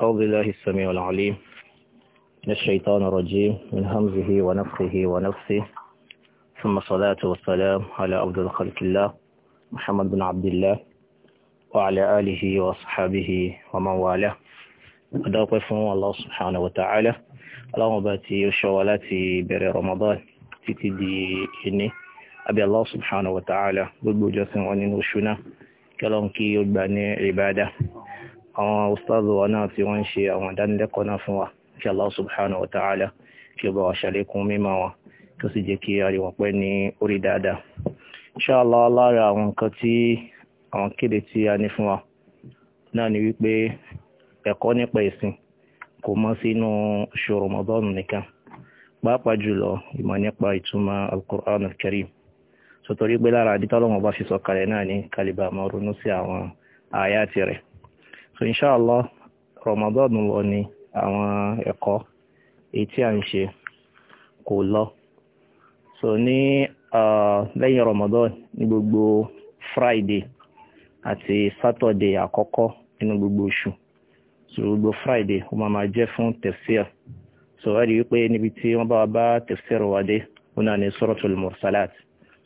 أعوذ بالله السميع العليم من الشيطان الرجيم من همزه ونفخه ونفسه ثم صلاة والسلام على أفضل خلق الله محمد بن عبد الله وعلى آله وصحبه ومن والاه أدعوك فهم الله سبحانه وتعالى اللهم باتي وشوالاتي بر رمضان تتدي إني أبي الله سبحانه وتعالى بالبجاس ونين kẹlọ́n kí ó gbà ní ìbádà àwọn ustaz wa náà tí wọ́n ń ṣe àwọn ìdánilẹ́kọ̀ọ́ náà fún wa kí Allah subhanahu wa ta'ala kí ó bá wa ṣàlékún mímọ̀ wọn tó sì jẹ́ kí ariwo pẹ́ ní orí dáadáa insha Allah lára àwọn nǹkan tí àwọn kéde tí a ní fún wa náà ni wípé ẹ̀kọ́ nípa ìsìn kò mọ́ sínú oṣù Ramadan nìkan pàápàá jùlọ ìmọ̀ nípa ìtumọ̀ al al-Karim sotori pé lára àdítọ́ ọlọ́run bá fi sọ̀kalẹ̀ náà ní kàlíbà máa ronú sí àwọn àyàtì rẹ̀ so inṣáàlá ramadan lọ ni àwọn ẹ̀kọ́ èyí tí a ń ṣe kò lọ so ní lẹ́yìn ramadan ní gbogbo friday àti saturday àkọ́kọ́ nínú gbogbo oṣù so gbogbo friday ó máa máa jẹ́ fún tafsir so wá rí wípé níbi tí wọ́n bá wá bá tafsir wá dé náà ní suratul mursalat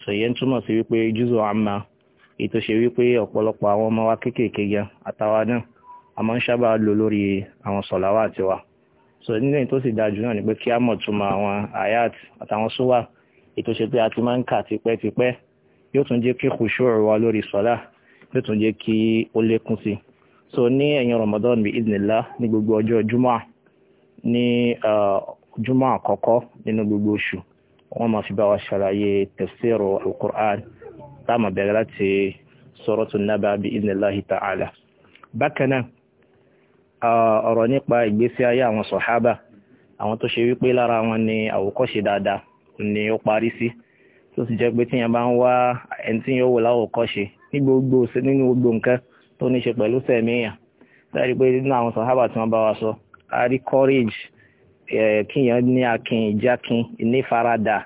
sèyẹn túmọ̀ sí wípé jùzọ̀ àmà ètò ṣe wípé ọ̀pọ̀lọpọ̀ àwọn ọmọ wa kéékèèké gan àtàwa náà a máa ń sábà lò lórí àwọn sọ̀làwà àtiwà so nílẹ̀ tó sì dájú náà ni pé kí á mọ̀ túmọ̀ àwọn ayat àtàwọn súwà ètò ṣe pé a ti máa ń kà tipẹ́tipẹ́ yóò tún jẹ́ kí kùsùrù wa lórí sọ̀là yóò tún jẹ́ kí ó lékún sí so ní ẹ̀yìn Ramadan bí idinilá ní gbogbo ọjọ́ jumọ́ ní jumọ́ àkọ́kọ́ nínú gbogbo oṣù wọ́n máa fi bá wa ṣàlàyé tafsiru al-Qur'an táàmà bẹ̀rẹ̀ láti suratu Naba bi-idhnillahi ta'ala bákan náà ọ̀rọ̀ nípa ìgbésí ayé àwọn sọ̀hábà àwọn tó ṣe wípé lára wọn ni àwòkọ́ṣe dáadáa ni ó parí sí tó sì jẹ́ pé tí yẹn bá ń wá ẹni tí yóò wò láwòkọ́ṣe ní gbogbo nínú gbogbo nǹkan tó ní ṣe pẹ̀lú sẹ̀míyàn láti rí pé nínú àwọn sọ̀hábà tí wọ́n bá wa sọ a rí courage kíyàn ní akin ìjákin ìnífaradà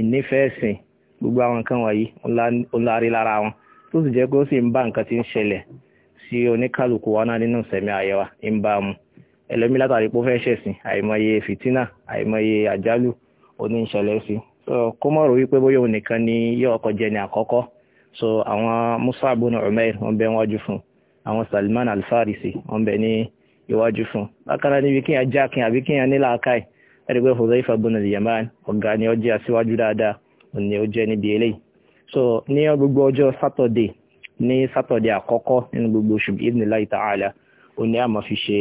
ìnífẹ̀ẹ́sìn gbogbo àwọn nǹkan wọ̀nyí ńlárí lára wọn tó sì jẹ́ pé ó sì ń bá nǹkan ti ń ṣẹlẹ̀ sí oníkálukú wa náà nínú ìsẹ̀mí ayé wa ń bá mu látàrí pé ó fẹ́ ṣẹ̀sìn àìmọye fìtínà àìmọye àjálù sí kó mọ̀ rò wípé bóyá òun nìkan so àwọn Umair bẹ fún àwọn Salman Alfarisi, iwájú fún bákan níbi kí yẹn jákin àbí kí yẹn ní làákàì ẹ̀rẹ́gbẹ́ Hudhayfa ibn al ọ̀gá ni ó jẹ́ aṣíwájú dáadáa òní ó jẹ́ níbi eléyìí so ní gbogbo ọjọ́ sátọ̀dé ní sátọ̀dé àkọ́kọ́ nínú gbogbo oṣù bi-idhnillahi ta'ala òní a máa fi ṣe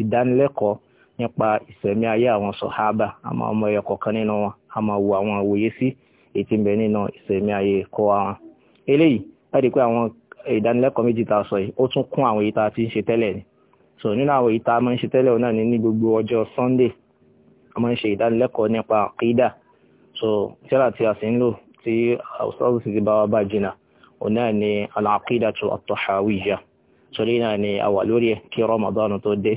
ìdánilẹ́kọ̀ọ́ nípa ìsẹ̀mí ayé àwọn sọ̀hábà àmọ́ ọmọ ẹ̀yọ kọ̀ọ̀kan nínú wọn a máa wo àwọn òye sí ètí ń bẹ nínú ìsẹ̀mí ayé kọ́ wọn eléyìí láti pé àwọn ìdánilẹ́kọ̀ọ́ méjì tá a sọ yìí ó tún kún àwọn èyí tá a ti ń ṣe tẹ́lẹ̀ ni so nínú àwọn ìta a máa ń ṣe tẹ́lẹ̀ náà ní gbogbo ọjọ́ sunday a máa ń ṣe ìdánilẹ́kọ̀ọ́ nípa àkídà so tíra tí a sì ń lò tí ọ̀sọ́rù sì ti bá wa bá jìnà òun náà ni al-aqida at-tahawiyya torí náà ni a wà lórí ẹ̀ kí ramadan tó dé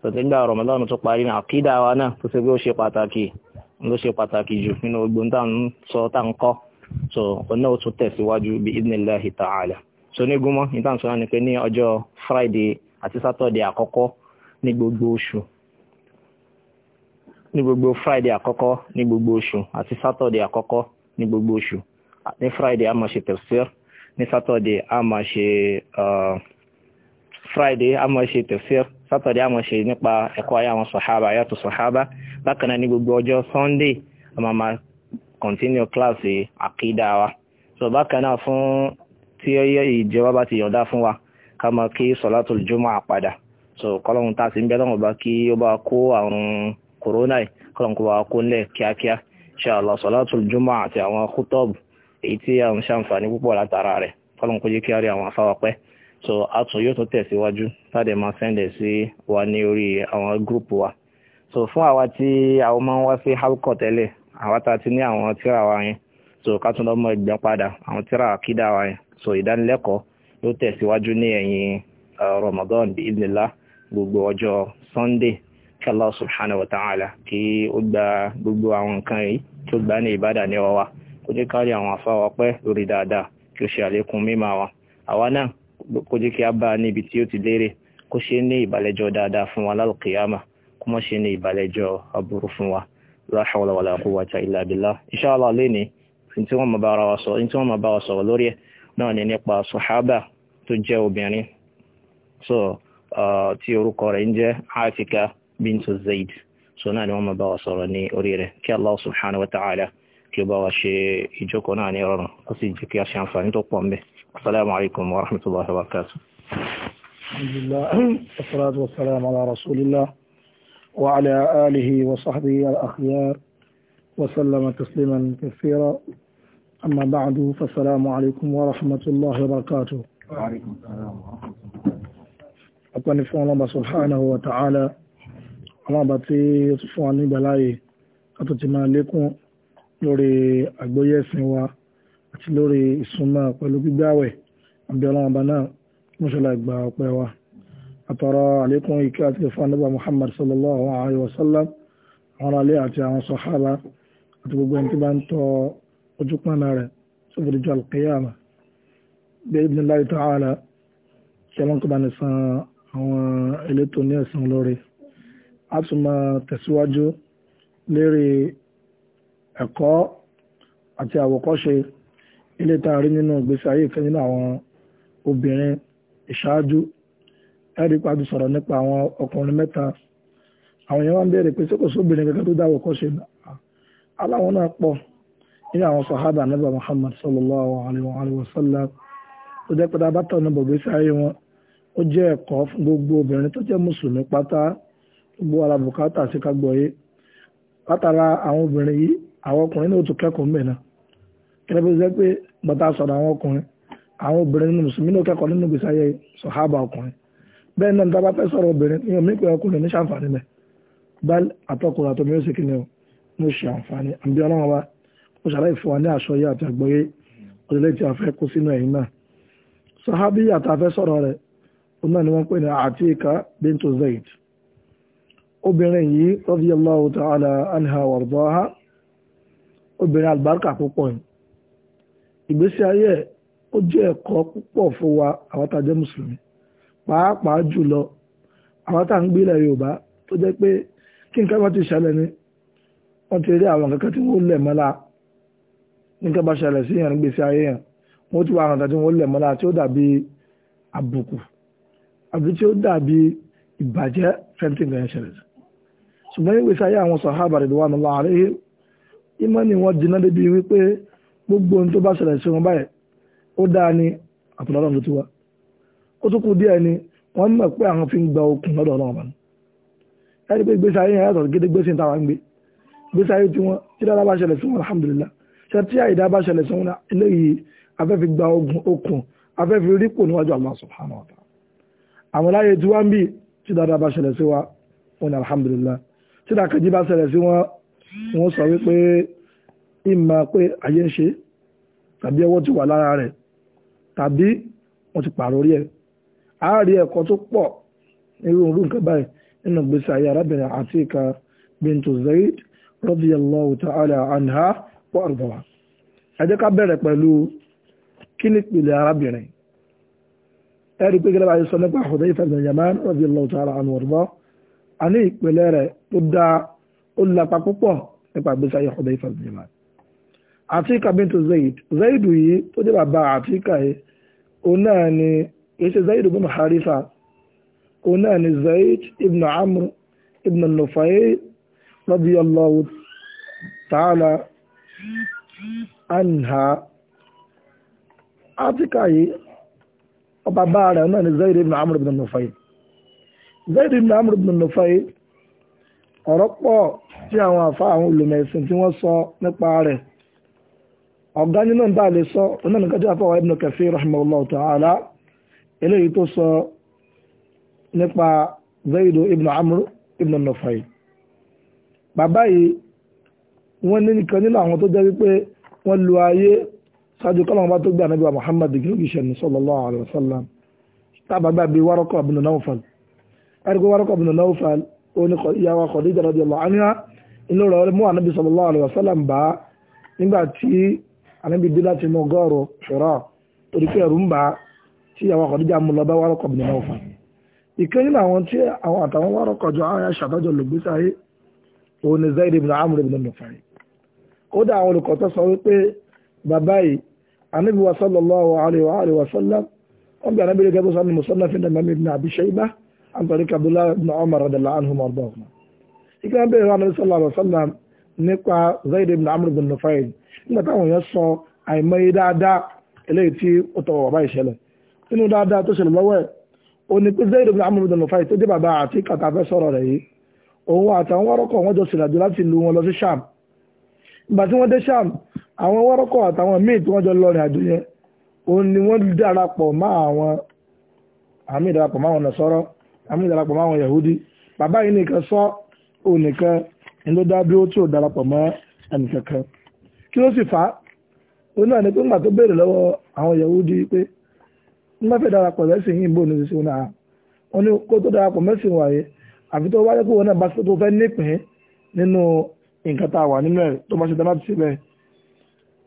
so tí nígbà ramadan tó parí ní àkídà wa náà tó ṣe pé ó ṣe pàtàkì ló ṣe pàtàkì jù nínú gbogbo tá ń sọ tá ń kọ́ so òun náà tún tẹ̀síwájú bi idhnillahi ta'ala so ní gúnmọ́ ní ń sọ náà ni pé ní ọjọ́ friday àti sátọ̀dẹ̀ àkọ́kọ́ ní gbogbo oṣù ní gbogbo friday àkọ́kọ́ ní gbogbo oṣù àti sátọ̀dẹ̀ àkọ́kọ́ ní gbogbo oṣù ní friday a máa ṣe tafsir ní sátọ̀dẹ̀ a máa ṣe uh, friday a máa ṣe tafsir sátọ̀dẹ̀ a máa ṣe nípa ẹ̀kọ́ ayé àwọn sọ̀hábà ayàtọ̀ sọ̀hábà bákan náà ní gbogbo ọjọ́ sunday a máa máa continue class àkídà wa so bákan náà fún tí ìjọba bá ti yọ̀dá fún wa ká máa kí sọ̀látò jùmọ̀ àpadà so kọ́lọ́hún tá a sì ń bẹ́ lọ́wọ́ bá kí ó bá kó àrùn kòrónà yìí kọ́lọ́hún kó bá kó ńlẹ̀ kíákíá ṣàlọ́ sọ̀látò jùmọ̀ àti àwọn kútọ́ọ̀bù èyí tí à ń ṣàǹfààní púpọ̀ látara rẹ̀ kọ́lọ́hún kó jẹ́ kí á rí àwọn afáwapẹ́ so àtún yóò tó tẹ̀síwájú láti máa sẹ́ndẹ̀ sí wa ní orí àwọn gúrùpù wa so fún àwa tí àwọn máa ń wá sí halkọ̀ tẹ́lẹ̀ àwa tá a ti ní àwọn tíra wa yẹn so ká tún lọ́mọ ìgbẹ́ padà àwọn tíra àkídà wa yẹn so ìdánilẹ́kọ̀ọ́ yóò tẹ̀síwájú ní ẹ̀yìn Ramadan bí ìdìlá gbogbo ọjọ́ Sunday kí Allah subhanahu wa ta'ala kí ó gba gbogbo àwọn nǹkan yìí tó gbá ní ìbádà ní ọwá kó jẹ́ kárí àwọn afáwa pẹ́ lórí dáadáa kí ó ṣe àlékún mímọ̀ wa àwa náà kó jẹ́ kí a bá níbi tí ó ti lérè kó ṣe ní ìbàlẹ́jọ́ dáadáa fún wa lálùkìyàmà kó mọ́ ṣe ní ìbàlẹ́jọ́ aburú fún wa la hawla wala tó jẹ́ obìnrin so tí orúkọ rẹ̀ ń jẹ́ Afika bintu Zaid so náà ni wọ́n máa bá wa sọ̀rọ̀ ní orí rẹ̀ kí Allah subhanahu wa ta'ala kí ó bá wa ṣe ìjókòó náà ní rọrùn ó sì jẹ́ kí a ṣe àǹfààní tó pọ̀ mbẹ́ assalamu alaikum wa rahmatullahi wa barakatuh. alhamdulillah wassalatu wassalamu ala rasulillah wa ala alihi wa sahbihi al-akhyar وسلم تسليما كثيرا أما بعد فالسلام عليكم ورحمة الله وبركاته ọpẹ́ ni fún ọlọ́ba subhanahu wa ta'ala ọlọ́ba tí ó ti fún wa ní ìgbàláyè látò ti máa lékún lórí àgbóyé ẹ̀sìn wa àti lórí ìsúnmọ́ pẹ̀lú gbígbáwẹ̀ àbí ọlọ́ba náà mọ́ṣọ́lá ìgbà ọpẹ́ wa àtọ̀rọ̀ àlékún ìkẹ́ àti ìfún anábà Muhammad sallallahu alayhi wa sallam àwọn بإذن الله تعالى ṣẹlọ́n tó bá ní san àwọn elétò ní ẹ̀sán lórí a tún máa tẹ̀síwájú lérí ẹ̀kọ́ àti àwòkọ́ṣe ilé tá a rí nínú ìgbésí ayé ìfẹ́ nínú àwọn obìnrin ìṣáájú ẹ̀rí pàdé sọ̀rọ̀ nípa àwọn ọkùnrin mẹ́ta àwọn èèyàn wá ń béèrè pé ṣé kò kankan tó dáwọ̀ kọ́ṣe aláwọn náà pọ̀ nínú àwọn sàhábà Ànábì Muhammad sallallahu alaihi wa sallam tó jẹ́ pẹ́ta bá tọ̀nà bògbé sáyé wọn ó jẹ́ ẹ̀kọ́ fún gbogbo obìnrin tó jẹ́ mùsùlùmí pátá gbogbo alábùkátà sí kágbọ́yé látara àwọn obìnrin yìí àwọn ọkùnrin náà tún kẹ́kọ̀ọ́ mẹ́na kí lẹ́bí jẹ́ pé bàtà sọ̀rọ̀ àwọn ọkùnrin àwọn obìnrin nínú mùsùlùmí náà kẹ́kọ̀ọ́ nínú ìgbésí ayé sọ̀hábà ọkùnrin bẹ́ẹ̀ náà dábàá fẹ́ sọ̀rọ̀ obìnrin ní omi ìpè ọkùnrin ní sàǹfààní mẹ́ bá àtọkùnrin àtọmí ó sì kí ni o mo ṣe àǹfààní àbí ọlọ́run wa mo ṣàlàyé fún wa ní àṣọyé àti àgbọ́yé ọ̀dẹ́lẹ́ tí a kó sínú ẹ̀yìn náà sahabi àtàfẹ́ re rẹ̀ òun náà ni wọ́n pè ní Atika bintu Zaid obìnrin yìí radiyallahu ta'ala anha wardaha obìnrin àlùbáríkà púpọ̀ yìí ìgbésí ayé ó jẹ́ ẹ̀kọ́ púpọ̀ fún wa àwọn tá pàápàá jùlọ àwọn ń Yorùbá tó jẹ́ pé kí ti ṣẹlẹ̀ ni wọ́n ti rí àwọn kankan tí wọ́n lẹ̀ mọ́lá nǹkan bá ṣẹlẹ̀ sí yàn ayé wọ́n ti wá àrùn tàbí wọ́n lẹ̀ mọ́lá tí ó dàbí àbùkù àbí tí ó dàbí ìbàjẹ́ fẹ́ntì nǹkan ṣẹlẹ̀ ṣùgbọ́n ìgbésí ayé àwọn sàhábà rẹ̀ wà nílò àárẹ̀ ìmọ̀ ni wọ́n jiná débi wípé gbogbo ohun tó bá ṣẹlẹ̀ sí wọn báyìí ó dáa ni àtúnlọ́dọ̀ ló ti wá ó tún kù díẹ̀ ni wọ́n mọ̀ pé àwọn fi ń gba okùn lọ́dọ̀ ọlọ́run bá ẹni alhamdulillah ṣe tí àìdá bá ṣẹlẹ̀ sí afẹ́fi gba ogun okùn afẹ́fi rípò níwájú Allah subhanahu wa ta'ala àwọn láyé tí wọ́n ń bí tí dáadáa bá ṣẹlẹ̀ sí wa wọn ni alhamdulillah tí dákejì bá ṣẹlẹ̀ sí wọn wọn sọ wípé ìmọ̀ pé ayé ń ṣe tàbí ẹwọ́ ti wà lára rẹ̀ tàbí wọ́n ti pààrọ̀ orí ẹ̀ a ẹ̀kọ́ tó pọ̀ irú nǹkan báyìí nínú gbèsè ayé arábìnrin Atika bintu Zaid radiyallahu ta'ala anha wa ardaha ẹ jẹ́ ká bẹ̀rẹ̀ pẹ̀lú kí ni ìpìlẹ̀ arábìnrin ẹ̀rí pé gẹ́gẹ́ bá yẹ sọ nípa Hudhayfa bin Yaman radiyallahu ta'ala anhu ọ̀rọ̀ a ní ìpìlẹ̀ rẹ̀ tó dá ó lapa púpọ̀ nípa ìgbésí ayé Hudhayfa bin Yaman Atika bintu Zaid Zaid yìí tó jẹ́ bàbá Atika yìí òun náà ni kì í anha átíkà yìí ọba bá rẹ̀ náà ni Zaid ibn Amr ibn Nufay Zaid ibn Amr ibn Nufay ọ̀rọ̀ pọ̀ tí àwọn àfa àwọn olùmẹ̀sìn tí wọ́n sọ nípa rẹ̀ ọ̀gá nínú bá lè sọ onáà nìkan tí wọ́n fọwọ́ Ibn Kathir rahimahullah ta'ala eléyìí tó sọ nípa ṣáájú kọ́lọ́n bá tó gbé ànábì wa Muhammad gírógì ṣẹ̀nù sallallahu alaihi wasallam tábà gbà bí Warqa ibn Nawfal ẹ̀rọ Warqa ibn Nawfal ìyá wa Khadija radiyallahu anha inú rẹ̀ mú ànábì sallallahu alaihi wasallam bá nígbà tí ànábì dé láti mú gọ́ọ̀rọ̀ ṣọ̀rọ̀ torí pé ẹ̀rù ń bá tí ìyá wa Khadija mú lọ bá Warqa ibn Nawfal ìkẹ́ nínú àwọn tí àwọn àtàwọn Warqa jọ àwọn aṣàtọ́jọ́ lògbésí ayé anabi wa sallallahu alayhi wa alihi wa sallam wọ́n gbà anábìrì gẹ́gẹ́ sọ́nà musanna fi nàmà mi nàbí ṣẹ́yìnbá àǹtọ̀rí kabila na ọmọ rẹ̀ dàlá ànhùn ọ̀dọ́ ọ̀hún. ìgbà wọn bẹ̀rẹ̀ wọn sallallahu alayhi wa sallam nípa zayd ibn amr bin nufayn nígbà táwọn yẹn sọ àìmọye dáadáa eléyìí tí ó tọwọ́ bàbá ìṣẹ̀lẹ̀ nínú dáadáa tó ṣẹlẹ̀ lọ́wọ́ ẹ̀ ó ní pé zayd ibn amr bin nufayn tó dé bàbá àti kàtà fẹ́ sọ̀rọ̀ rẹ̀ yìí òun àtàwọn wọ́rọ́kọ̀ wọn jọ sìràjò láti lu wọn lọ sí sham ìgbà tí wọ́n dé sham àwọn wọ́rọ́kọ̀ àtàwọn míì tí wọ́n jọ lọ́rin àjò yẹn òun ni wọ́n darapọ̀ mọ́ àwọn àmì ìdarapọ̀ mọ́ àwọn nàṣọ́rọ́ àmì ìdarapọ̀ mọ́ àwọn yahudi bàbá yìí nìkan sọ òun nìkan ni ló dá dúró tí ò darapọ̀ mọ́ ẹnìkankan kí ló sì fà á òun náà ni pé ńgbà tó béèrè lọ́wọ́ àwọn yahudi pé ń fẹ́ darapọ̀ lẹ́sìn yìí bò ní sísè wọn náà wọn ni kó tó darapọ̀ mẹ́sìn wáyé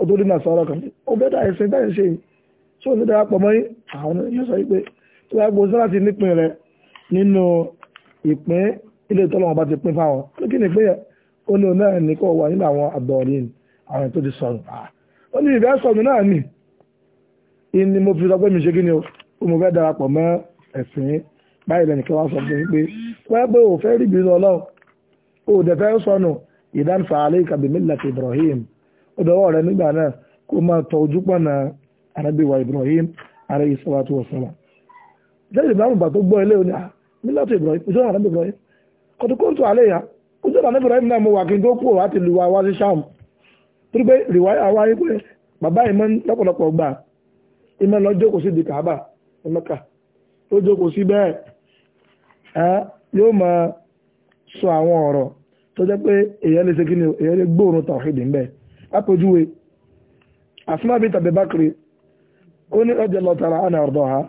ó tó dínà sọ̀rọ̀ kan ó bẹ́ẹ̀ dà ẹ̀sìn bẹ́ẹ̀ ṣe tí ó ní darapọ̀ mọ́ àwọn yóò sọ pé tó bá gbó sọ́láti nípìn rẹ nínú ìpín ilé ìtọ́lọ̀ wọn bá ti pín fáwọn ó kí ni pé ó ní onáà ní kó wà nínú àwọn àdọ̀rí àwọn tó ti sọnù ah. ó ní ìfẹ́ sọnù náà nì ni mo fi sọ pé mi ṣe kí ni o mo fẹ́ darapọ̀ mọ́ ẹ̀sìn báyìí lẹ́nu kí wọ́n sọ fún mi pé wọ́n pé ò fẹ́ rí ìbínú ọlọ́run ò dẹ̀ ọ̀dọ̀wọ́ rẹ̀ nígbà náà kó máa tọ ojú pọ̀nà arábíwá Ibrahim alayhi salatu wa salam jẹ́rìí ìbámu bá tó gbọ́ ilé òní à ah, mílíọ̀tù Ibrahim ojú ọ̀nà Ibrahim kọ̀tùkọ́ntù àléyà ojú ọ̀nà Ibrahim náà mo wà kí n tó kú wa wá sí sáàmù torí pé pé bàbá ìmọ̀ lọ́pọ̀lọpọ̀ gbà ìmọ̀ lọ jókòó sí dìkàbà ó jókòó sí bẹ́ẹ̀ yóò máa sọ àwọn ọ̀rọ̀ tó jẹ́ pé èèyàn lè ṣe kí ni èèyàn lè gbóòórùn tàwọn ìdí lápòjúwe àfúnàbí tàbí bákìrì ó ní ọjọ́ lọ tara àná ọ̀dọ́ ha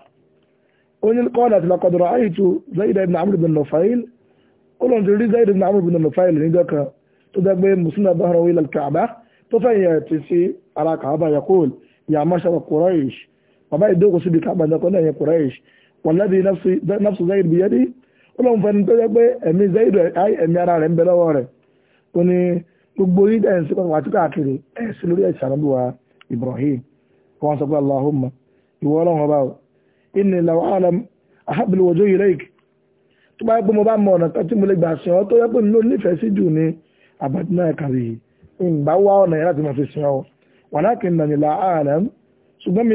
ó ní kọ́ọ̀lá ti lakọ̀dọ̀rọ̀ àyítu zayd ibn amr ibn nufail ó lọ́n ti rí zayd ibn amr ibn nufail níjọ́ kan tó dẹ́gbé musulman bá rọwé ilẹ̀ kàbá tó fẹ́yìn ti sí ara kàbá yakul ya mashara quraish bàbá ìdókò síbi kàbá ní ọkọ̀ náà quraish wallazi nafsu zayd biyadi ó lọ́n fẹ́ni tó dẹ́gbé ẹ̀mí zayd ẹ̀mí ara rẹ̀ ń bẹ lọ́wọ́ rẹ̀ ó ní gbogbo yìí dẹ̀ ń sí pàtàkì káàkiri ẹ̀sìn lórí ẹ̀sìn Ibrahim wọn sọ pé Allahumma ìwọ ọlọ́run ọba o inni alam ahabbil wajhi ilayk tó bá yẹ pé mo bá mọ ọ̀nà kan tí mo lè gbà sìn ọ́ tó yẹ pé mi ló nífẹ̀ẹ́ sí jù ní àbàdínà kàrí ìgbà wá ọ̀nà yẹn láti máa fi sìn ọ́ walakinnani la alam ṣùgbọ́n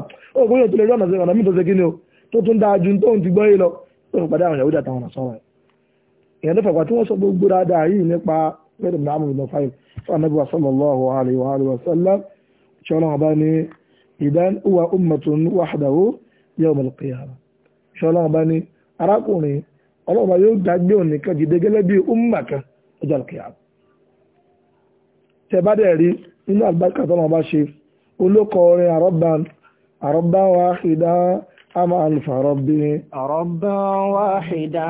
mi ó gbóyè tó lè rí ọ̀nà sí ọ̀nà mi tó ṣe kí ni o tó tún dáa ju tóun ti gbọ́ yìí lọ tó fi padà àwọn Yahudi àtàwọn ọ̀nà sọ̀rọ̀ ìyẹn tó fàgbà tí wọ́n sọ gbogbo dáadáa yìí nípa mẹ́rin ní àmì ìlú fáyì fún anábì wa sallallahu alayhi wa alayhi wa sallam dẹ̀ rí nínú àgbàkà tọ́lọ́run bá ṣe olókọ orin àrọ́bàn أربا واحدا أم ألف ربي أربا واحدا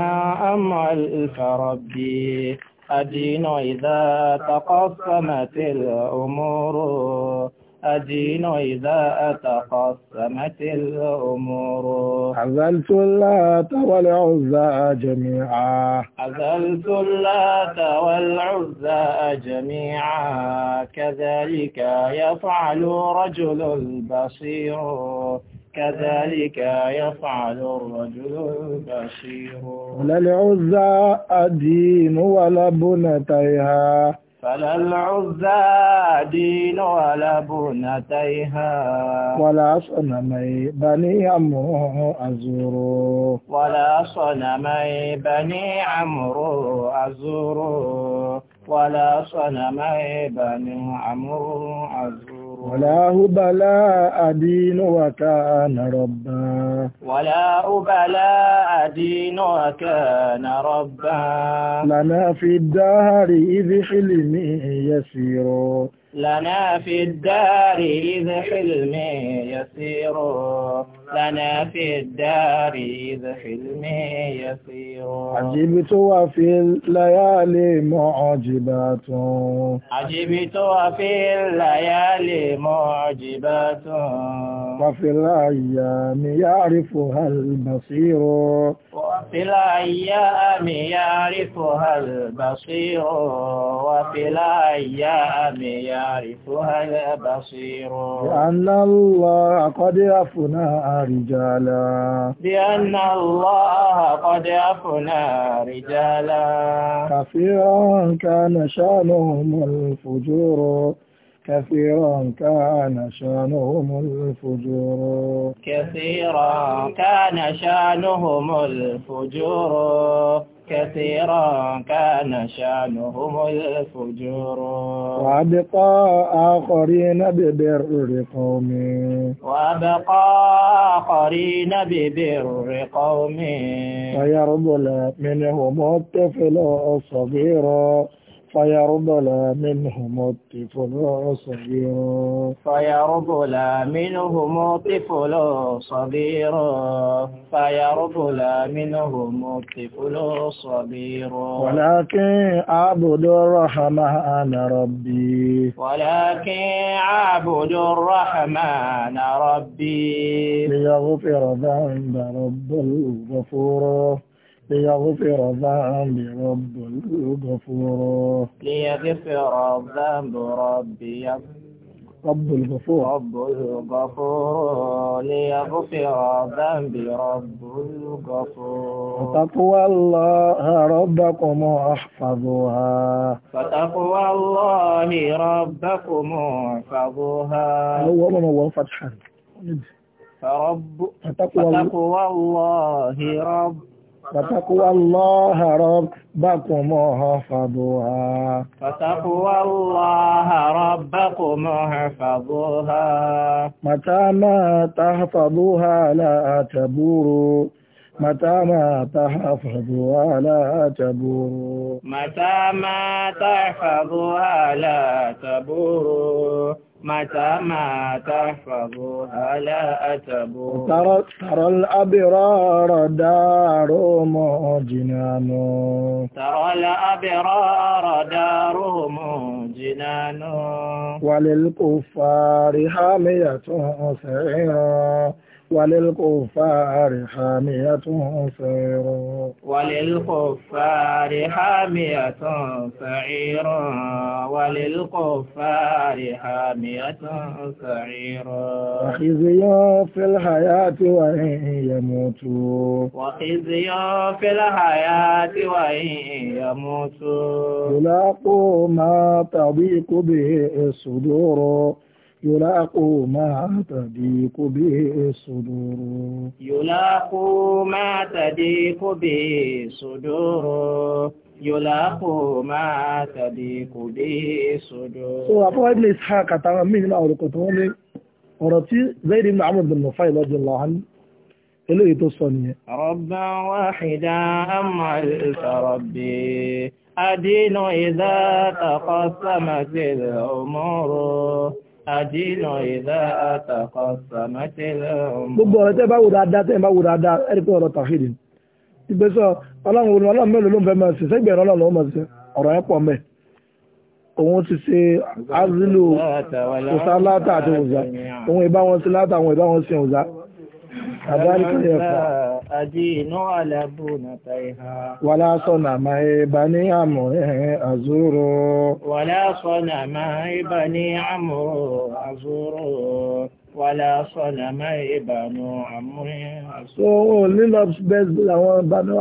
أم ألف ربي أدين إذا تقسمت الأمور أدين إذا أتقسمت الأمور أذلت اللات والعزى جميعا أذلت اللات والعزى جميعا كذلك يفعل رجل البصير كذلك يفعل الرجل البصير للعزى أدين ولبنتيها ولا بنتيها فلا العزى دين ولا بنتيها ولا صنمي بني عمرو أزور ولا صنمي بني عمرو أزور ولا صنمي بني عمرو أزور ولا أبلاء دين وكان ربا ولا أبلاء دين وكان ربا لنا في الدهر إذ حلمي يسير لنا في الدار إذ حلمي يسير لنا في الدار إذا حلمي يصير عجبت وفي الليالي معجبات عجبت وفي الليالي معجبات وفي الأيام يعرفها البصير وفي الأيام يعرفها البصير وفي الأيام يعرفها البصير لأن الله قد أفنى رجالا لأن الله قد أفنى رجالا كثيرا كان شانهم الفجور كثيرا كان شانهم الفجور كثيرا كان شانهم الفجور كثيرا كان شانهم الفجور وابقى آخرين ببر قوم وابقى آخرين ببر قوم ويرضل منهم الطفل الصغير فيرض لا منهم الطفل صغير فيرض لا منهم طفل صغير فيرض لا منهم الطفل صغير ولكن أعبد الرحمن ربي ولكن أعبد الرحمن ربي ليغفر ذنب رب الغفور ليغفر ذنبي رب الغفور ليغفر الذنب ربي رب الغفور رب الغفور ليغفر ذنبي رب الغفور فتقوى الله ربكم احفظوها فتقوى الله ربكم احفظوها هو من هو فتحا فرب فتقوى, فتقوى الله رب فتقوى الله ربكم احفظوها فتقوى الله ربكم احفظوها متى ما تحفظوها لا تبوروا متى ما تحفظوها لا تبور متى ما تحفظوها لا تبور متى ما تحفظها لا أتبو ترى, ترى الأبرار دار جنان ترى الأبرار دار جنان وللكفار حامية سعيرا وللكفار حامية سعير وللكفار حامية سعير وللكفار حامية سعير وخزي في الحياة وإن يموتوا وخزي في الحياة وإن يموتوا يلاقوا ما تضيق به الصدور يلاقوا ما تضيق به الصدور يلاقوا ما تضيق به الصدور يلاقوا ما تضيق به الصدور So Abu Ibn Ishaq àtàwọn míì nínú àwọn olùkọ́ tó wọ́n ní ọ̀rọ̀ tí Zayd ibn àdínà ìdá àtàkọ sàmátẹ́lẹ̀ ọmọ. gbogbo ọ̀rọ̀ tẹ́ bá wù dáadáa tẹ́ bá wù dáadáa ẹ̀rí pé ọ̀rọ̀ tàfíìdì ìgbésọ ọlọ́run olùmọ̀ ọlọ́run mélòó ló ń fẹ́ máa ṣe sẹ́gbẹ̀rún ọlọ́run ló máa ṣe òun ti ṣe azilu òsálátà àti òzà òun ìbá wọn sí látà òun ìbá wọn sí òzà أدين على بنتيها ولا صنم بني عمرو أزور ولا صنم بني عمرو أزور ولا صنم بنو عمرو أزور lílọ bẹ́ẹ̀ làwọn bànú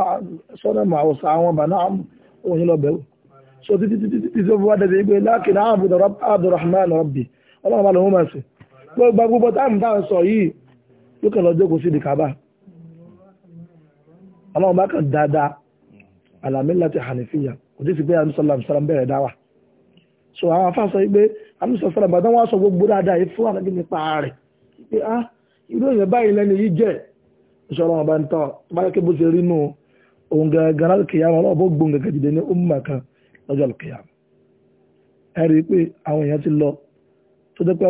sọ́nàmù àwòsàn àwọn bànú àmú lọ so yóò kàn lọ jókòó sí ìdíkàbà ọlọ́run bá kàn dáadáa alàmílà ti hànífìyà kò tí sì pé àmísọ́lá so àwọn afá sọ pé àmísọ́lá bàtà wọn sọ gbogbo dáadáa yìí fún àlejò nípa rẹ̀ pé á ah, irú èèyàn báyìí lẹ́nu yìí jẹ́ ìṣọ́rọ̀ ọba umma kan lọ́jọ́ alkiyam ẹ rí i pé àwọn èèyàn ti lọ tó dé pé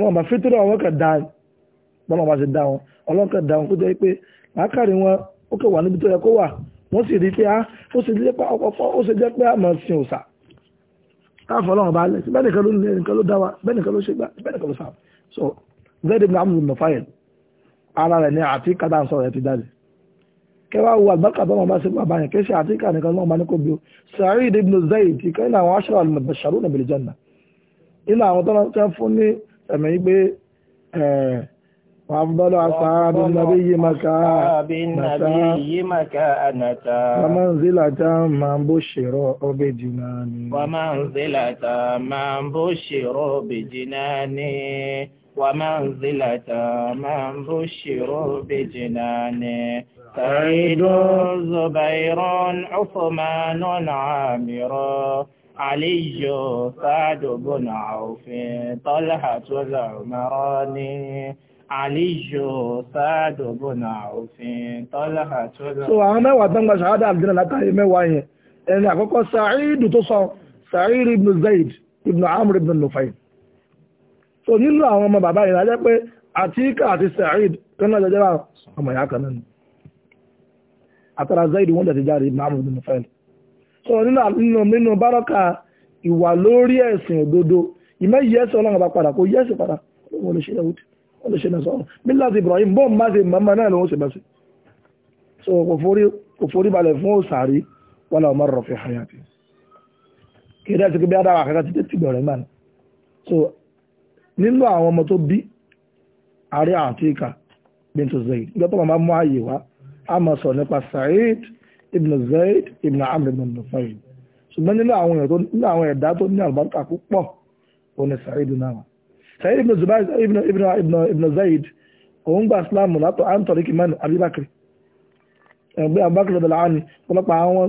ọlọ́nkà dáhùn kó jẹ́ pé làákàrí wọn ó kẹwà níbi tó yẹ kó wà wọ́n sì rí pé á ah, ó sì jẹ́ pé ọ̀pọ̀ ó sì jẹ́ pé àmọ́ sin òòsà káfọ́ ọlọ́run bá lẹ̀ sí bẹ́ẹ̀ nìkan ló ní ẹnìkan ló dá bẹ́ẹ̀ nìkan ló ṣe gbá bẹ́ẹ̀ nìkan ló sà so zayd ibn amr ibn fayed ara rẹ̀ ní àti kàdá ń sọ̀rọ̀ ẹ̀ ti jáde kẹwàá wo àgbàkà bá wọn bá ṣe pé àbáyẹn kí ṣe àti kàdá nìkan náà máa ní kó bí o sa'id ibn zayd ìkan ní àwọn aṣọ al-mubashsharuna bil janna nínú àwọn tó ń fún ní ẹ̀mí gbé ẹ̀ẹ́ eh, وأفضل أصحاب النبي مكانة النبي مكانة ومنزلة من بشر بجنان ومنزلة من بشر بجنان ومنزلة من بشر بجنان سعيد زبير عثمان عامر علي سعد بن عوف طلحة العمراني àlíjò sáàdọ̀bọ̀nà òfin tọ́lá àtúrà. so àwọn mẹ́wàá tó ń gba ṣàhádà àbìnrin látàrí mẹ́wàá yẹn ẹni àkọ́kọ́ sàáìdù tó sọ sàáìdù ibn zaid ibn amr ibn nufay so nínú àwọn ọmọ bàbá yìí lájẹ́ pé àtíkà àti sàáìdù tó náà jẹjẹrà ọmọ ìyá kan nínú àtàrà zaid wọ́n jẹ̀ ti jáde ibn amr ibn nufay so nínú nínú bárọ́kà ìwà lórí ẹ̀sìn òdodo ìmẹ́yẹsẹ̀ ọlọ́run bá padà kó yẹ́sì padà ó wọlé ṣe lẹ́wọ́dì ó lè ṣe náà sọ́rọ̀ mílíọ̀tì Ibrahim bó ń bá ṣe mọ́mọ́ náà lòun ṣe bá ṣe so kò forí balẹ̀ fún òsàrí wàlà ọmọ rọ̀ fi hayati kí ẹ̀dá ìṣèkú bí adáwà àkàkà ti tètè bẹ̀rẹ̀ mọ́ so nínú àwọn ọmọ tó bí àrí àtíkà bintu Zaid ìjọ tó máa mú ààyè wá a máa sọ nípa Sa'id ibn Zaid ibn Amr ibn Nufayl ṣùgbọ́n nínú àwọn ẹ̀dá tó ní àlùbáríkà púpọ̀ òun ni Sa'id náà sẹ́yìn ibn zubair ibn ibn ibn ibn zayd òun gba islam látọ̀ antori kimani abibakiri ẹgbẹ́ abubakiri ọ̀dọ̀lá ni ọlọ́pàá àwọn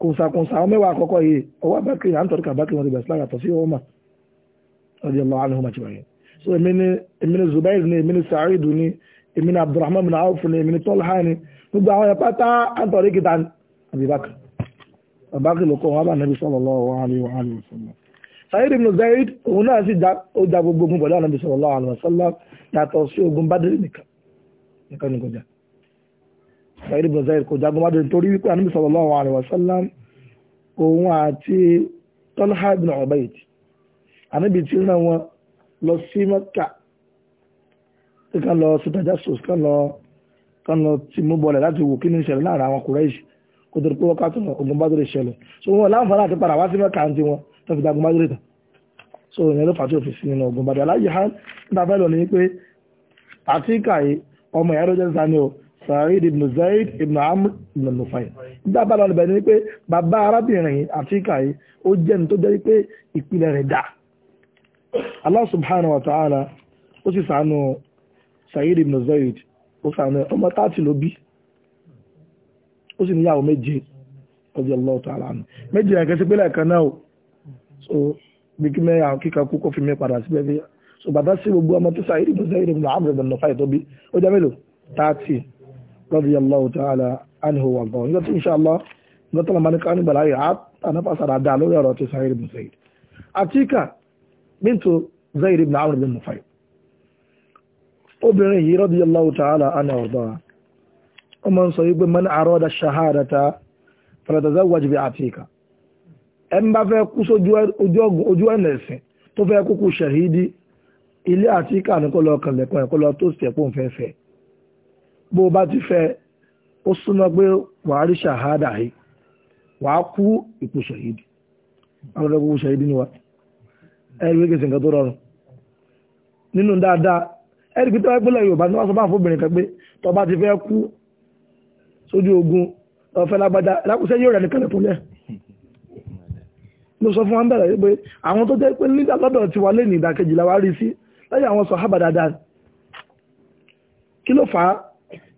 kùnsàkùnsà àwọn mẹ́wàá àkọ́kọ́ yìí ọwọ́ abakiri antori kabakiri wọn ti gba islam yàtọ̀ sí ọmọ radiyallahu anhum ajma'in so èmi ni èmi ni zubair ni èmi ni sa'id ni èmi ni abdulrahman bin awf ni èmi ni tolha ni gbogbo àwọn yẹn pátá antori kita abibakiri abakiri ló kọ́ wọn bá nàbí sallallahu alaihi wa alihi wa sallam Sa'id ibn Zaid òun náà sì ó da gbogbo ogun pẹ̀lú ànábì sallallahu alaihi wasallam yàtọ̀ sí ogun Badr nìkan nìkan ní kọjá Sa'id ibn Zaid kò jagun Badr torí wípé ànábì sallallahu alaihi wasallam òun àti Talha ibn Ubayd ànábì tí ràn wọn lọ sí Mẹ́kà tí kan lọ sí tajasus kan lọ kan lọ ti mú bọlẹ̀ láti wò kí ní ìṣẹ̀lẹ̀ láàrin àwọn Quraysh kò tó fi dagun mágírètà so ìyẹn ló fàtí òfin sí nínú ogun bàdà láyé ha nígbà fẹ́ lọ ní pé àtíkà yìí ọmọ ìyá rọ́jẹ́ sani o Sa'id ibn Zaid ibn Amr ibn Nufay nígbà bá lọ níbẹ̀ ni pé bàbá arábìnrin yìí àtíkà yìí ó jẹ́ ní tó jẹ́ pé ìpìlẹ̀ rẹ̀ dà Allah subhanahu wa ta'ala ó sì sànù Sa'id ibn Zaid ó sànù ọmọ táàtì ló bí ó sì níyàwó méje ọdí Allah ta'ala nù méje yẹn kẹsí pé lẹ́ẹ̀kan náà so bí kí mẹ́ra kíkà kú kó fi mi padà síbẹ̀ bí so bàbá sí gbogbo ọmọ tó sáyé ìdìbò sáyé ìdìbò àmì ìdìbò nàfà ìtọ́bí ó jẹ́ mélòó tààtì radiyallahu ta'ala anhu wà gbọ́n nígbà tí insha Allah nígbà tó lọ́mọdé kan nígbà láyé àtànáfàsàrà dá lórí ọ̀rọ̀ tó sáyé ìdìbò sáyé àtíkà bíntu zayd ibn amr bin nufayl obìnrin yìí e ń bá fẹ́ kú sójú oju ọ̀nà tó fẹ́ kúkú ṣàhídì ilé àti ìkànnì kó lọ kànlẹ̀kùn ẹ̀ kó lọ tó sì ẹ̀pọ̀ bó o bá ti fẹ ó súnmọ́ pé wàá rí ṣàhádà yìí wàá kú àwọn kúkú ni wa ẹ̀rí wíkẹ́ sí nǹkan tó rọrùn nínú dáadáa ẹ̀rí pé ogun lágbádá yóò nìkan ló sọ fún wa ń bẹ̀rẹ̀ pé àwọn tó jẹ́ pé nígbà lọ́dọ̀ ti wà lẹ́nu ìdàkejì la wá rí sí lẹ́yìn àwọn sàhábà dáadáa kí ló fà á